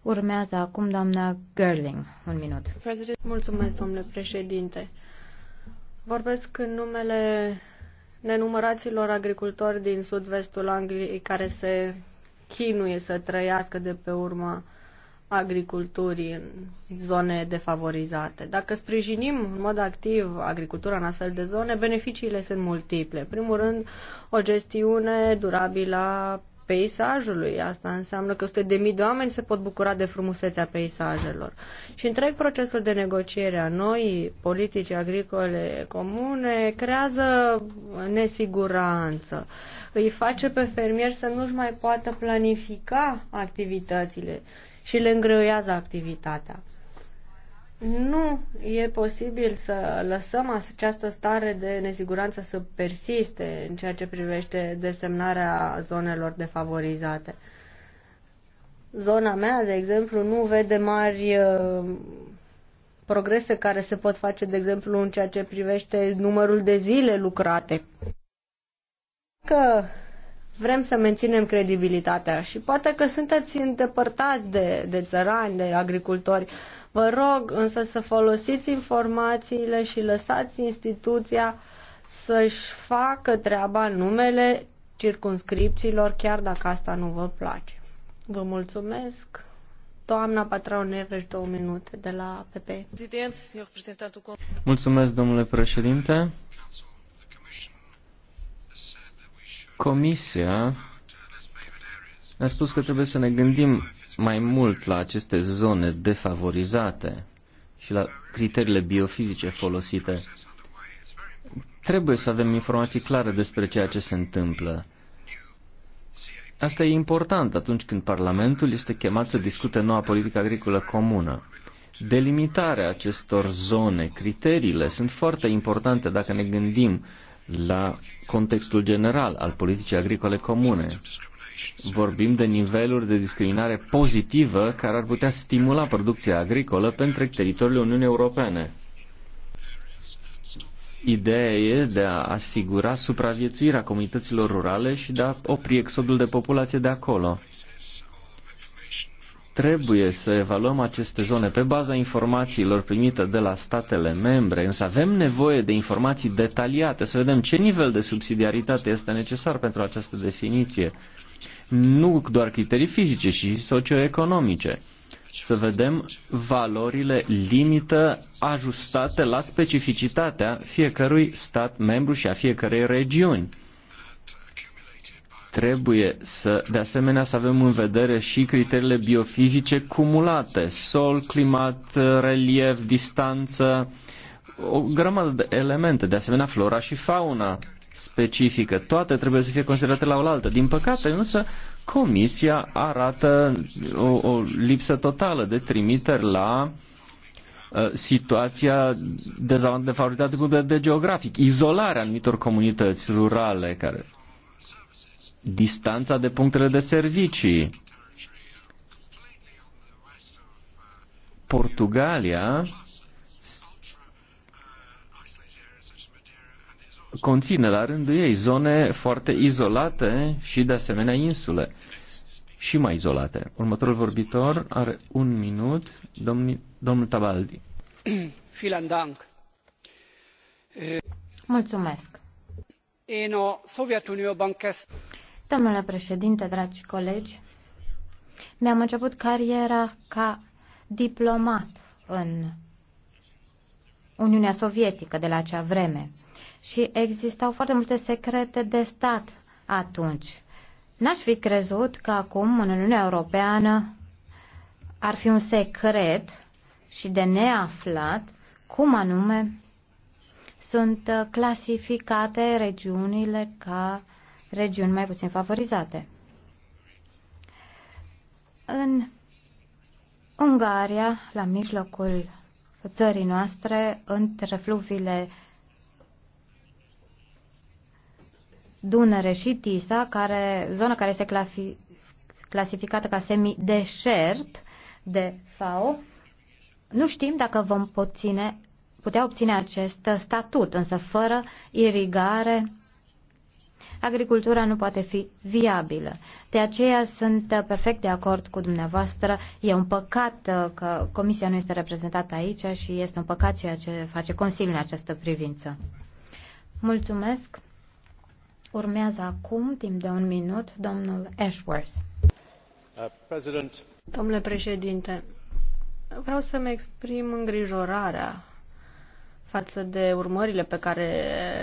Urmează acum doamna Gerling. Un minut. President, mulțumesc, domnule președinte. Vorbesc în numele nenumăraților agricultori din sud-vestul Angliei care se chinuie să trăiască de pe urma agriculturii în zone defavorizate. Dacă sprijinim în mod activ agricultura în astfel de zone, beneficiile sunt multiple. În primul rând, o gestiune durabilă a peisajului. Asta înseamnă că 100.000 de mii de oameni se pot bucura de frumusețea peisajelor. Și întreg procesul de negociere a noi, politici agricole comune, creează nesiguranță. Îi face pe fermier să nu-și mai poată planifica activitățile și le îngreuiază activitatea. Nu e posibil să lăsăm această stare de nesiguranță să persiste în ceea ce privește desemnarea zonelor defavorizate. Zona mea, de exemplu, nu vede mari uh, progrese care se pot face, de exemplu, în ceea ce privește numărul de zile lucrate. Că Vrem să menținem credibilitatea și poate că sunteți îndepărtați de, de țărani, de agricultori. Vă rog însă să folosiți informațiile și lăsați instituția să-și facă treaba numele circunscripțiilor, chiar dacă asta nu vă place. Vă mulțumesc. Doamna Patrau Neveș, două minute de la PP. Mulțumesc, domnule președinte. Comisia a spus că trebuie să ne gândim mai mult la aceste zone defavorizate și la criteriile biofizice folosite. Trebuie să avem informații clare despre ceea ce se întâmplă. Asta e important atunci când Parlamentul este chemat să discute noua politică agricolă comună. Delimitarea acestor zone, criteriile, sunt foarte importante dacă ne gândim la contextul general al politicii agricole comune. Vorbim de niveluri de discriminare pozitivă care ar putea stimula producția agricolă pentru teritoriul Uniunii Europene. Ideea e de a asigura supraviețuirea comunităților rurale și de a opri exodul de populație de acolo. Trebuie să evaluăm aceste zone pe baza informațiilor primite de la statele membre, însă avem nevoie de informații detaliate, să vedem ce nivel de subsidiaritate este necesar pentru această definiție. Nu doar criterii fizice, ci socioeconomice să vedem valorile limită ajustate la specificitatea fiecărui stat membru și a fiecărei regiuni. Trebuie să, de asemenea, să avem în vedere și criteriile biofizice cumulate, sol, climat, relief, distanță, o grămadă de elemente, de asemenea flora și fauna specifică. Toate trebuie să fie considerate la oaltă. Din păcate, însă, Comisia arată o, o lipsă totală de trimiteri la uh, situația dezavantajată de facultate de geografic, izolarea anumitor comunități rurale care distanța de punctele de servicii. Portugalia conține la rândul ei zone foarte izolate și de asemenea insule și mai izolate. Următorul vorbitor are un minut, domni, domnul Tabaldi. Mulțumesc. Én a Domnule președinte, dragi colegi, mi-am început cariera ca diplomat în Uniunea Sovietică de la acea vreme și existau foarte multe secrete de stat atunci. N-aș fi crezut că acum în Uniunea Europeană ar fi un secret și de neaflat cum anume sunt clasificate regiunile ca uh, regiuni mai puțin favorizate. În Ungaria, la mijlocul țării noastre, între fluviile Dunăre și Tisa, care, zona care este clasificată ca semi-deșert de FAO, nu știm dacă vom putea obține acest statut, însă fără irigare agricultura nu poate fi viabilă. De aceea sunt perfect de acord cu dumneavoastră. E un păcat uh, că Comisia nu este reprezentată aici și este un păcat ceea ce face Consiliul în această privință. Mulțumesc. Urmează acum, timp de un minut, domnul Ashworth. Uh, Domnule președinte, vreau să-mi exprim îngrijorarea față de urmările pe care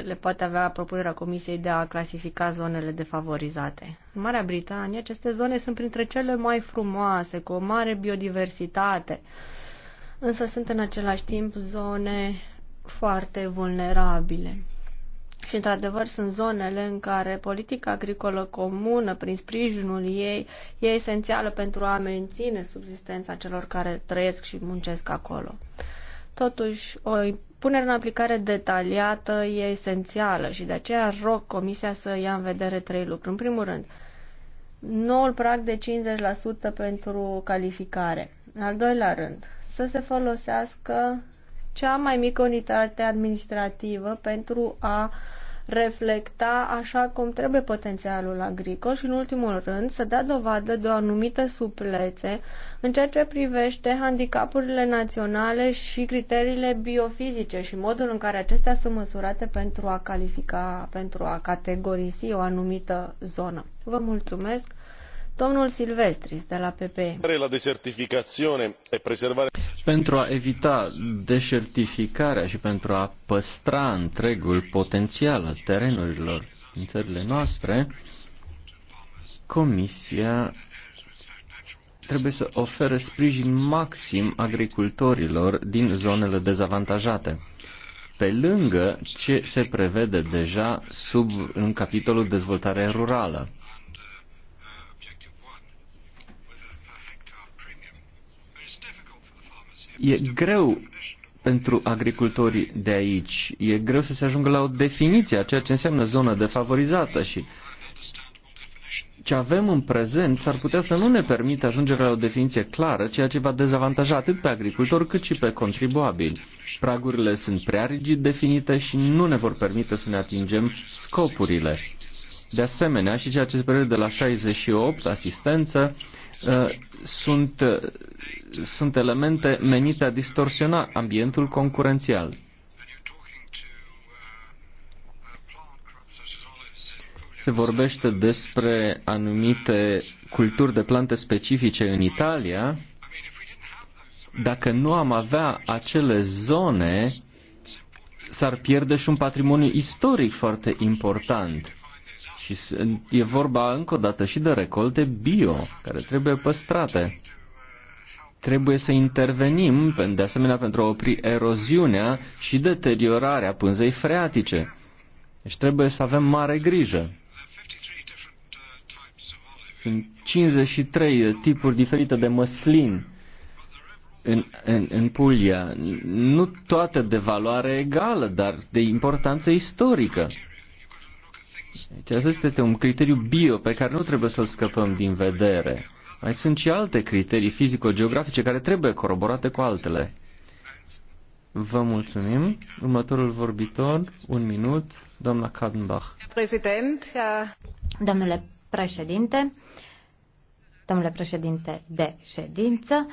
le poate avea propunerea Comisiei de a clasifica zonele defavorizate. În Marea Britanie, aceste zone sunt printre cele mai frumoase, cu o mare biodiversitate, însă sunt în același timp zone foarte vulnerabile. Și, într-adevăr, sunt zonele în care politica agricolă comună, prin sprijinul ei, e esențială pentru a menține subsistența celor care trăiesc și muncesc acolo. Totuși, o punere în aplicare detaliată e esențială și de aceea rog Comisia să ia în vedere trei lucruri. În primul rând, noul prag de 50% pentru calificare. În al doilea rând, să se folosească cea mai mică unitate administrativă pentru a reflecta așa cum trebuie potențialul agricol și, în ultimul rând, să dea dovadă de o anumită suplețe în ceea ce privește handicapurile naționale și criteriile biofizice și modul în care acestea sunt măsurate pentru a califica, pentru a categorisi o anumită zonă. Vă mulțumesc! Domnul Silvestris de la PPE. La e preservare... Pentru a evita deșertificarea și pentru a păstra întregul potențial al terenurilor în țările noastre, Comisia trebuie să ofere sprijin maxim agricultorilor din zonele dezavantajate. Pe lângă ce se prevede deja sub în capitolul dezvoltare rurală. E greu pentru agricultorii de aici. E greu să se ajungă la o definiție a ceea ce înseamnă zonă defavorizată și uh, ce avem în prezent s-ar putea să nu ne permită ajungerea la o definiție clară, ceea ce va dezavantaja atât pe agricultor cât și pe contribuabili. Pragurile sunt prea rigid definite și nu ne vor permite să ne atingem scopurile. De asemenea, și ceea ce se prevede de la 68, asistență, ă, sunt, sunt elemente menite a distorsiona ambientul concurențial. se vorbește despre anumite culturi de plante specifice în Italia, dacă nu am avea acele zone, s-ar pierde și un patrimoniu istoric foarte important. Și e vorba încă o dată și de recolte bio, care trebuie păstrate. Trebuie să intervenim, de asemenea, pentru a opri eroziunea și deteriorarea pânzei freatice. Deci trebuie să avem mare grijă. Sunt 53 de tipuri diferite de măslin în, în, în Puglia. Nu toate de valoare egală, dar de importanță istorică. Deci acesta este un criteriu bio pe care nu trebuie să-l scăpăm din vedere. Mai sunt și alte criterii fizico-geografice care trebuie coroborate cu altele. Vă mulțumim. Următorul vorbitor, un minut, doamna Kadenbach. Uh, Domnule președinte, domnule președinte de ședință,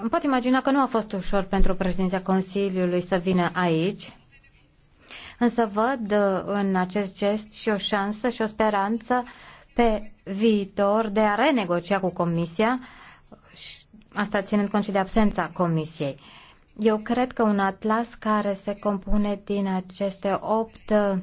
îmi pot imagina că nu a fost ușor pentru președinția Consiliului să vină aici, însă văd uh, în acest gest și o șansă și o speranță pe viitor de a renegocia cu Comisia, asta ținând cont și de absența Comisiei. Eu cred că un atlas care se compune din aceste opt uh,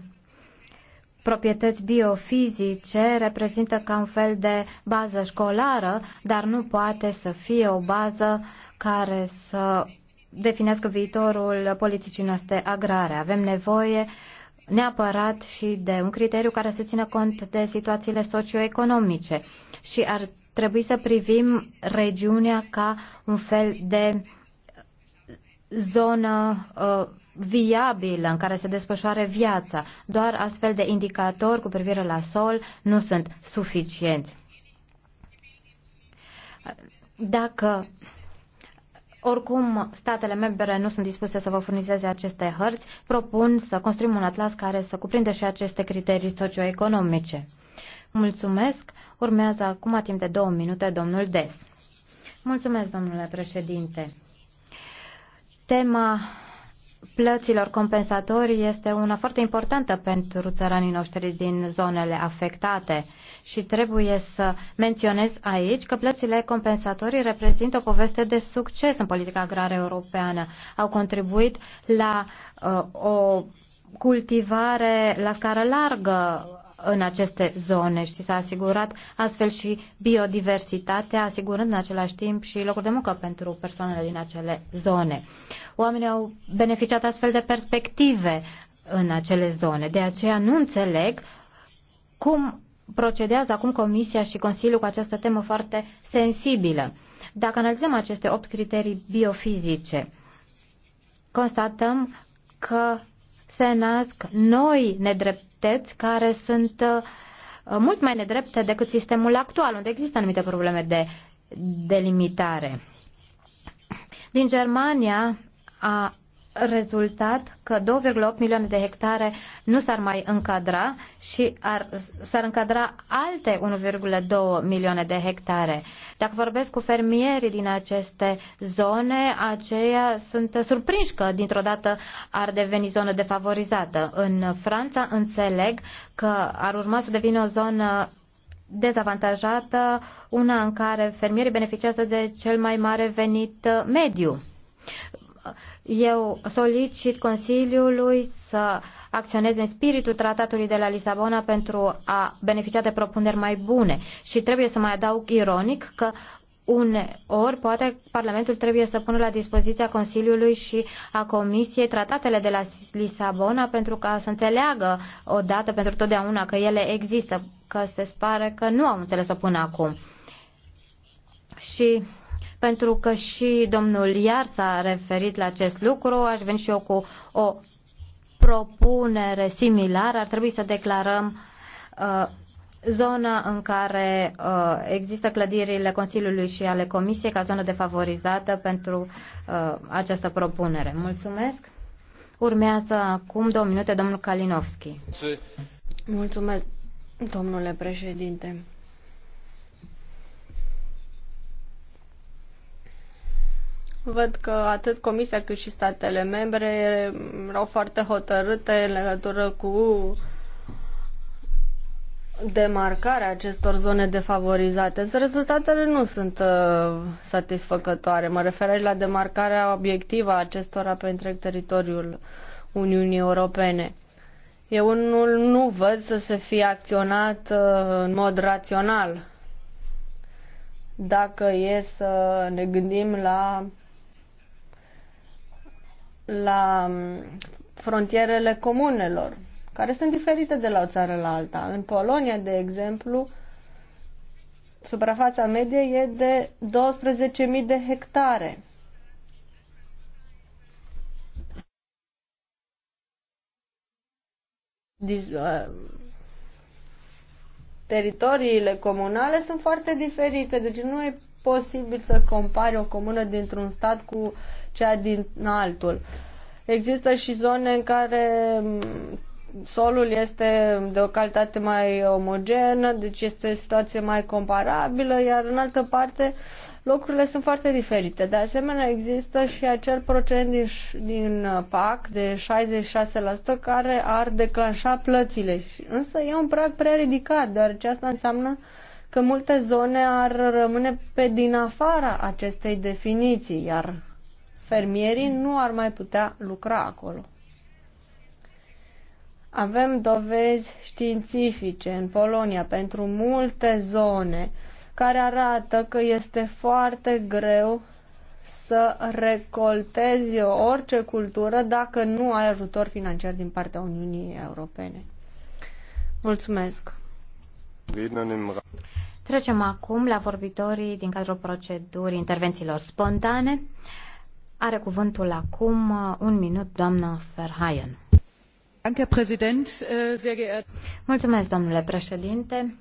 proprietăți biofizice reprezintă ca un fel de bază școlară, dar nu poate să fie o bază care să definească viitorul politicii noastre agrare. Avem nevoie neapărat și de un criteriu care să țină cont de situațiile socioeconomice și ar trebui să privim regiunea ca un fel de zonă uh, viabilă în care se desfășoare viața. Doar astfel de indicatori cu privire la sol nu sunt suficienți. Dacă oricum, statele membre nu sunt dispuse să vă furnizeze aceste hărți. Propun să construim un atlas care să cuprinde și aceste criterii socioeconomice. Mulțumesc. Urmează acum timp de două minute domnul Des. Mulțumesc, domnule președinte. Tema plăților compensatorii este una foarte importantă pentru țăranii noștri din zonele afectate și trebuie să menționez aici că plățile compensatorii reprezintă o poveste de succes în politica agrară europeană. Au contribuit la uh, o cultivare la scară largă în aceste zone și s-a asigurat astfel și biodiversitatea, asigurând în același timp și locuri de muncă pentru persoanele din acele zone. Oamenii au beneficiat astfel de perspective în acele zone. De aceea nu înțeleg cum procedează acum Comisia și Consiliul cu această temă foarte sensibilă. Dacă analizăm aceste opt criterii biofizice, constatăm că se nasc noi nedrept nedreptăți care sunt uh, mult mai nedrepte decât sistemul actual, unde există anumite probleme de delimitare. Din Germania a rezultat că 2,8 milioane de hectare nu s-ar mai încadra și ar, s-ar încadra alte 1,2 milioane de hectare. Dacă vorbesc cu fermierii din aceste zone, aceia sunt surprinși că dintr-o dată ar deveni zonă defavorizată. În Franța înțeleg că ar urma să devină o zonă dezavantajată, una în care fermierii beneficiază de cel mai mare venit uh, mediu eu solicit Consiliului să acționeze în spiritul tratatului de la Lisabona pentru a beneficia de propuneri mai bune. Și trebuie să mai adaug ironic că uneori poate Parlamentul trebuie să pună la dispoziția Consiliului și a Comisiei tratatele de la Lisabona pentru ca să înțeleagă odată pentru totdeauna că ele există, că se pare că nu au înțeles-o până acum. Și pentru că și domnul Iar s-a referit la acest lucru. Aș veni și eu cu o propunere similară. Ar trebui să declarăm uh, zona în care uh, există clădirile Consiliului și ale Comisiei ca zonă defavorizată pentru uh, această propunere. Mulțumesc. Urmează acum două minute domnul Kalinowski. Mulțumesc, domnule președinte. Văd că atât Comisia cât și statele membre erau foarte hotărâte în legătură cu demarcarea acestor zone defavorizate. Însă rezultatele nu sunt uh, satisfăcătoare. Mă refer la demarcarea obiectivă a acestora pe întreg teritoriul Uniunii Europene. Eu nu, nu văd să se fie acționat uh, în mod rațional dacă e să ne gândim la la mm, frontierele comunelor, care sunt diferite de la o țară la alta. În Polonia, de exemplu, suprafața medie e de 12.000 de hectare. Uh, teritoriile comunale sunt foarte diferite, deci nu e posibil să compari o comună dintr-un stat cu cea din altul. Există și zone în care mm, solul este de o calitate mai omogenă, deci este situație mai comparabilă, iar în altă parte lucrurile sunt foarte diferite. De asemenea, există și acel procent din, din PAC de 66% care ar declanșa plățile. Însă e un prag prea ridicat, deoarece asta înseamnă că multe zone ar rămâne pe din afara acestei definiții, iar fermierii nu ar mai putea lucra acolo. Avem dovezi științifice în Polonia pentru multe zone care arată că este foarte greu să recoltezi orice cultură dacă nu ai ajutor financiar din partea Uniunii Europene. Mulțumesc! Trecem acum la vorbitorii din cadrul procedurii intervențiilor spontane. Are cuvântul acum uh, un minut doamna Ferhaien. Äh, Mulțumesc, domnule președinte,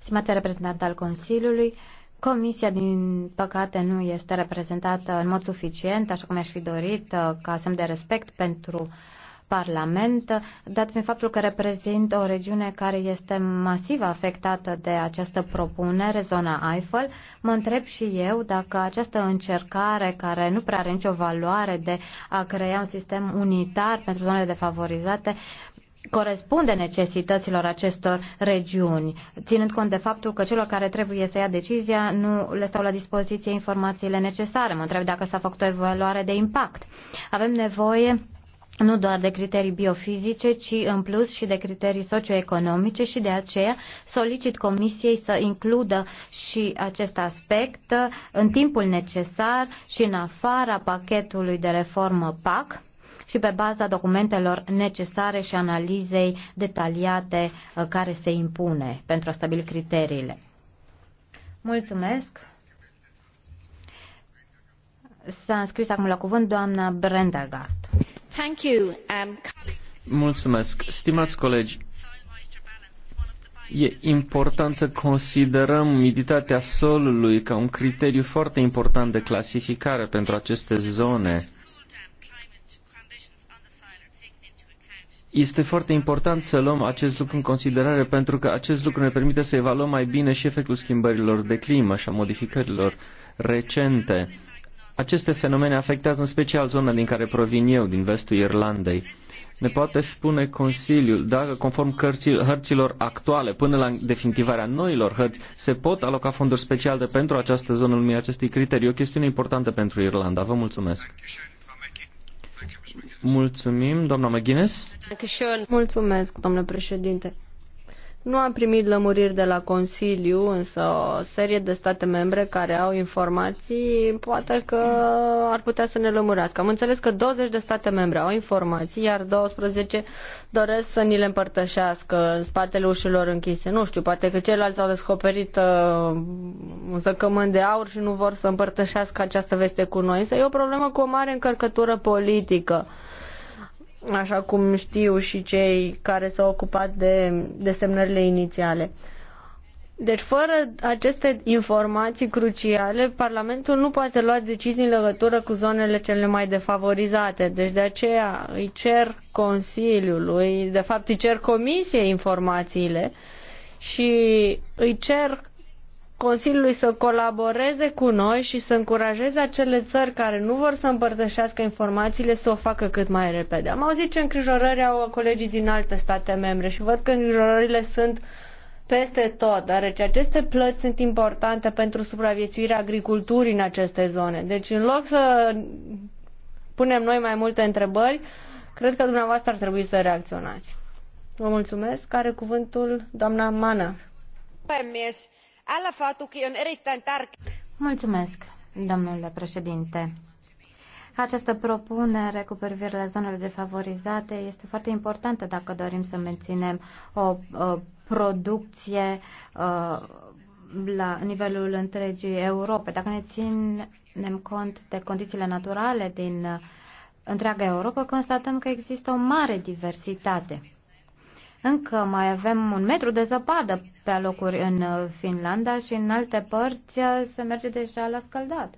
stimate reprezentant al Consiliului. Comisia, din păcate, nu este reprezentată în mod suficient, așa cum aș fi dorit, uh, ca semn de respect pentru uh, Parlament, dat fiind faptul că reprezint o regiune care este masiv afectată de această propunere, zona Eiffel, mă întreb și eu dacă această încercare, care nu prea are nicio valoare de a crea un sistem unitar pentru zonele defavorizate, corespunde necesităților acestor regiuni, ținând cont de faptul că celor care trebuie să ia decizia nu le stau la dispoziție informațiile necesare. Mă întreb dacă s-a făcut o evaluare de impact. Avem nevoie nu doar de criterii biofizice, ci în plus și de criterii socioeconomice și de aceea solicit Comisiei să includă și acest aspect în timpul necesar și în afara pachetului de reformă PAC și pe baza documentelor necesare și analizei detaliate uh, care se impune pentru a stabili criteriile. Mulțumesc! S-a înscris acum la cuvânt doamna Brenda Gast. Um, Mulțumesc. Stimați colegi, e important să considerăm umiditatea solului ca un criteriu foarte important de clasificare pentru aceste zone. Este foarte important să luăm acest lucru în considerare pentru că acest lucru ne permite să evaluăm mai bine și efectul schimbărilor de climă și a modificărilor recente aceste fenomene afectează în special zona din care provin eu, din vestul Irlandei. Ne poate spune Consiliul dacă, conform cărților, hărților actuale, până la definitivarea noilor hărți, se pot aloca fonduri speciale pentru această zonă lumii acestui criteriu. O chestiune importantă pentru Irlanda. Vă mulțumesc. Mulțumim, doamna McGuinness. Mulțumesc, domnule președinte. Nu am primit lămuriri de la Consiliu, însă o serie de state membre care au informații poate că ar putea să ne lămurească. Am înțeles că 20 de state membre au informații, iar 12 doresc să ni le împărtășească în spatele ușilor închise. Nu știu, poate că ceilalți au descoperit uh, un zăcământ de aur și nu vor să împărtășească această veste cu noi, însă e o problemă cu o mare încărcătură politică așa cum știu și cei care s-au ocupat de desemnările inițiale. Deci, fără aceste informații cruciale, Parlamentul nu poate lua decizii în legătură cu zonele cele mai defavorizate. Deci, de aceea îi cer Consiliului, de fapt îi cer Comisiei informațiile și îi cer Consiliului să colaboreze cu noi și să încurajeze acele țări care nu vor să împărtășească informațiile să o facă cât mai repede. Am auzit ce îngrijorări au colegii din alte state membre și văd că îngrijorările sunt peste tot, deoarece aceste plăți sunt importante pentru supraviețuirea agriculturii în aceste zone. Deci, în loc să punem noi mai multe întrebări, cred că dumneavoastră ar trebui să reacționați. Vă mulțumesc. Care cuvântul doamna Mană. Mulțumesc, domnule președinte. Această propunere cu privire la zonele defavorizate este foarte importantă dacă dorim să menținem o, o producție uh, la nivelul întregii Europe. Dacă ne ținem cont de condițiile naturale din uh, întreaga Europa, constatăm că există o mare diversitate. Încă mai avem un metru de zăpadă pe alocuri în uh, Finlanda și în alte părți uh, se merge deja la scăldat.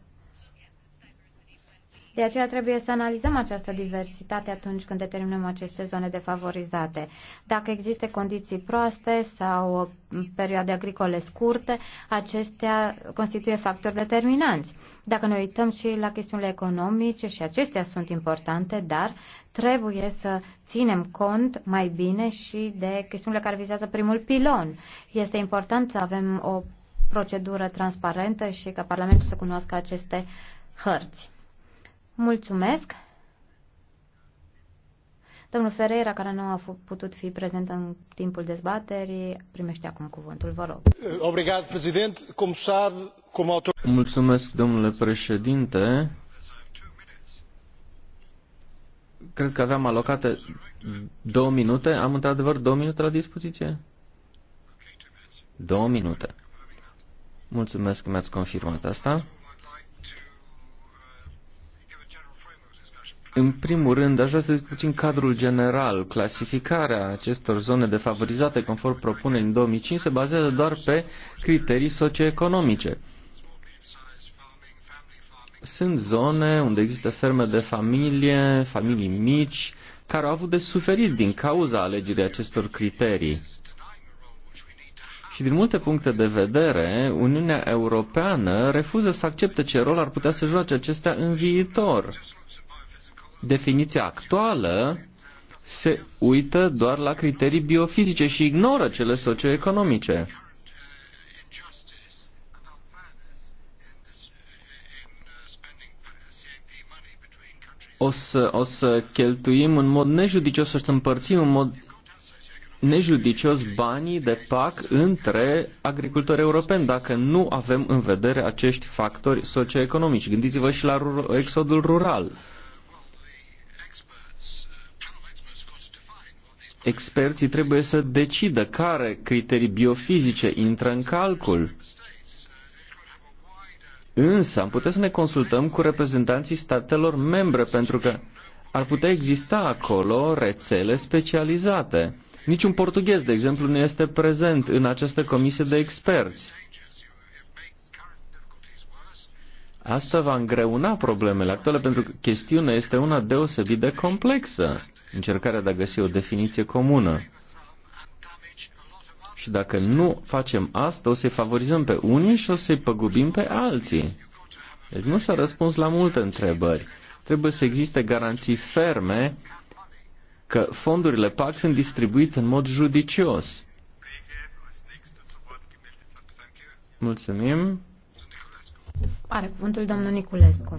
De aceea trebuie să analizăm această diversitate atunci când determinăm aceste zone defavorizate. Dacă există condiții proaste sau perioade agricole scurte, acestea constituie factori determinanți. Dacă ne uităm și la chestiunile economice, și acestea sunt importante, dar trebuie să ținem cont mai bine și de chestiunile care vizează primul pilon. Este important să avem o procedură transparentă și ca Parlamentul să cunoască aceste hărți. Mulțumesc! Domnul Ferreira, care nu a putut fi prezent în timpul dezbaterii, primește acum cuvântul. Vă rog. Obrigat, președinte. Cum sabe, cum autor... Mulțumesc, domnule președinte. Cred că aveam alocate două minute. Am într-adevăr două minute la dispoziție? Două minute. Mulțumesc că mi-ați confirmat asta. În primul rând, aș vrea să discutăm cadrul general. Clasificarea acestor zone defavorizate, conform propunerii în 2005, se bazează doar pe criterii socioeconomice. Sunt zone unde există ferme de familie, familii mici, care au avut de suferit din cauza alegerii acestor criterii. Și din multe puncte de vedere, Uniunea Europeană refuză să accepte ce rol ar putea să joace acestea în viitor definiția actuală se uită doar la criterii biofizice și ignoră cele socioeconomice. O să, o să cheltuim în mod nejudicios, o să împărțim în mod nejudicios banii de PAC între agricultori europeni, dacă nu avem în vedere acești factori socioeconomici. Gândiți-vă și la exodul rural. experții trebuie să decidă care criterii biofizice intră în calcul. Însă am putea să ne consultăm cu reprezentanții statelor membre, pentru că ar putea exista acolo rețele specializate. Niciun portughez, de exemplu, nu este prezent în această comisie de experți. Asta va îngreuna problemele actuale, pentru că chestiunea este una deosebit de complexă încercarea de a găsi o definiție comună. Și dacă nu facem asta, o să-i favorizăm pe unii și o să-i păgubim pe alții. Deci nu s-a răspuns la multe întrebări. Trebuie să existe garanții ferme că fondurile PAC sunt distribuite în mod judicios. Mulțumim. Are cuvântul domnul Niculescu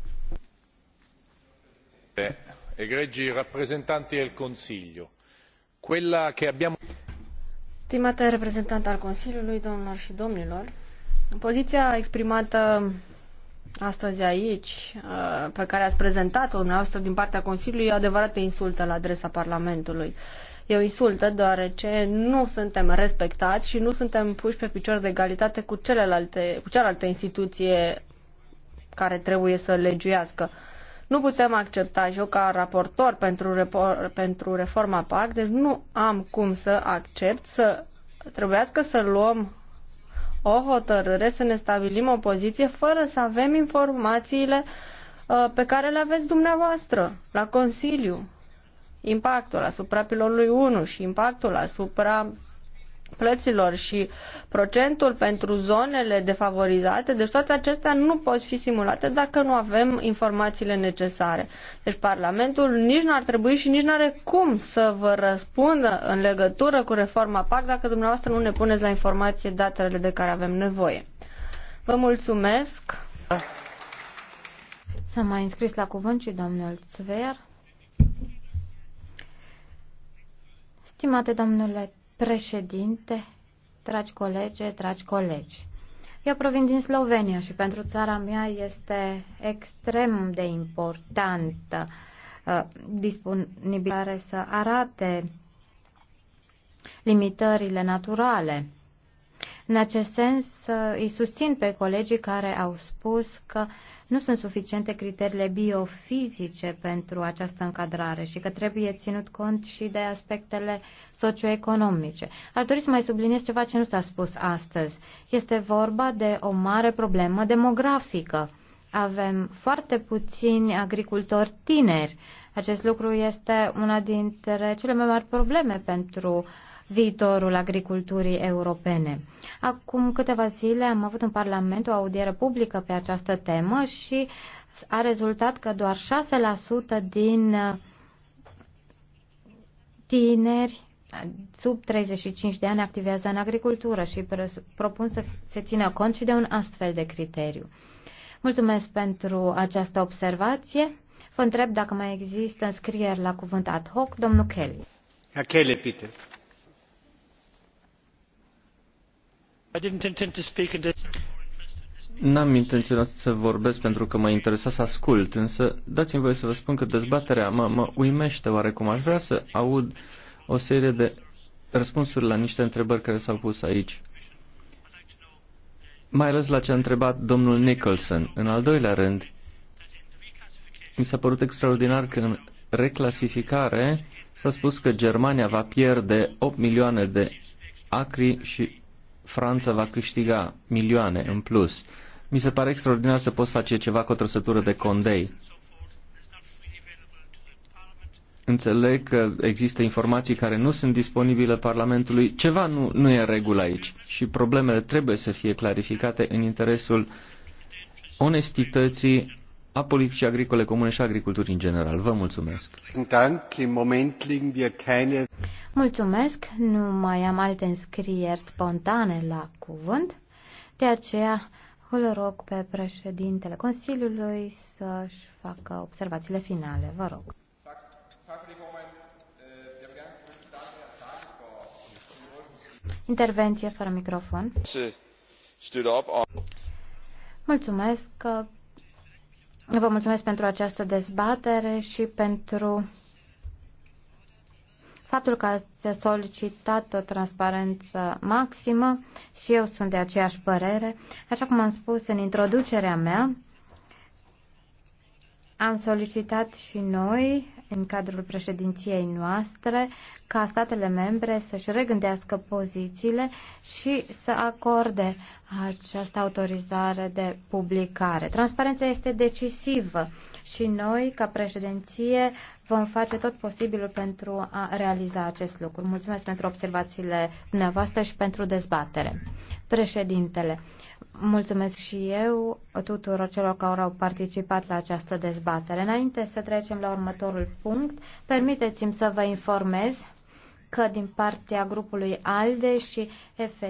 presidente egregi rappresentanti del consiglio quella che abbiamo. stimate reprezentante al consiliului doamnelor și domnilor poziția exprimată astăzi aici uh, pe care ați prezentat o dumneavoastră din partea consiliului e o adevărată insultă la adresa parlamentului. E o insultă deoarece nu suntem respectați și nu suntem puși pe picior de egalitate cu, celelalte, cu cealaltă instituție care trebuie să legiuiască. Nu putem accepta și eu ca raportor pentru, pentru reforma PAC, deci nu am cum să accept să trebuiască să luăm o hotărâre, să ne stabilim o poziție fără să avem informațiile uh, pe care le aveți dumneavoastră la Consiliu. Impactul asupra pilonului 1 și impactul asupra plăților și procentul pentru zonele defavorizate, deci toate acestea nu pot fi simulate dacă nu avem informațiile necesare. Deci Parlamentul nici nu ar trebui și nici nu are cum să vă răspundă în legătură cu reforma PAC dacă dumneavoastră nu ne puneți la informație datele de care avem nevoie. Vă mulțumesc! S-a mai înscris la cuvânt și domnul Țver. Stimate domnule președinte, dragi colegi, dragi colegi. Eu provin din Slovenia și pentru țara mea este extrem de important uh, disponibilitatea să arate limitările naturale în acest sens, îi susțin pe colegii care au spus că nu sunt suficiente criteriile biofizice pentru această încadrare și că trebuie ținut cont și de aspectele socioeconomice. Ar dori să mai subliniez ceva ce nu s-a spus astăzi. Este vorba de o mare problemă demografică. Avem foarte puțini agricultori tineri. Acest lucru este una dintre cele mai mari probleme pentru uh, viitorul agriculturii europene. Acum câteva zile am avut în Parlament o audiere publică pe această temă și a rezultat că doar 6% din uh, tineri sub 35 de ani activează în agricultură și propun să se țină cont și de un astfel de criteriu. Mulțumesc pentru această observație. Vă întreb dacă mai există înscrieri la cuvânt ad hoc, domnul Kelly. Kelly, Peter. Nu am intenționat să vorbesc pentru că mă interesa să ascult, însă dați-mi voie să vă spun că dezbaterea mă, mă uimește oarecum. Aș vrea să aud o serie de răspunsuri la niște întrebări care s-au pus aici. Mai ales la ce a întrebat domnul Nicholson. În al doilea rând, mi s-a părut extraordinar că în reclasificare s-a spus că Germania va pierde 8 milioane de acri și Franța va câștiga milioane în plus. Mi se pare extraordinar să poți face ceva cu o trăsătură de condei. Înțeleg că există informații care nu sunt disponibile Parlamentului. Ceva nu, nu e în regulă aici și problemele trebuie să fie clarificate în interesul onestității a politicii agricole comune și a agriculturii în general. Vă mulțumesc! Mulțumesc! Nu mai am alte înscrieri spontane la cuvânt, de aceea îl rog pe președintele Consiliului să-și facă observațiile finale. Vă rog! Intervenție fără microfon. Mulțumesc! Vă mulțumesc pentru această dezbatere și pentru faptul că ați solicitat o transparență maximă și eu sunt de aceeași părere. Așa cum am spus în introducerea mea, am solicitat și noi, în cadrul președinției noastre, ca statele membre să-și regândească pozițiile și să acorde această autorizare de publicare. Transparența este decisivă și noi, ca președinție, vom face tot posibilul pentru a realiza acest lucru. Mulțumesc pentru observațiile dumneavoastră și pentru dezbatere. Președintele, mulțumesc și eu tuturor celor care au participat la această dezbatere. Înainte să trecem la următorul punct, permiteți-mi să vă informez că din partea grupului ALDE și FD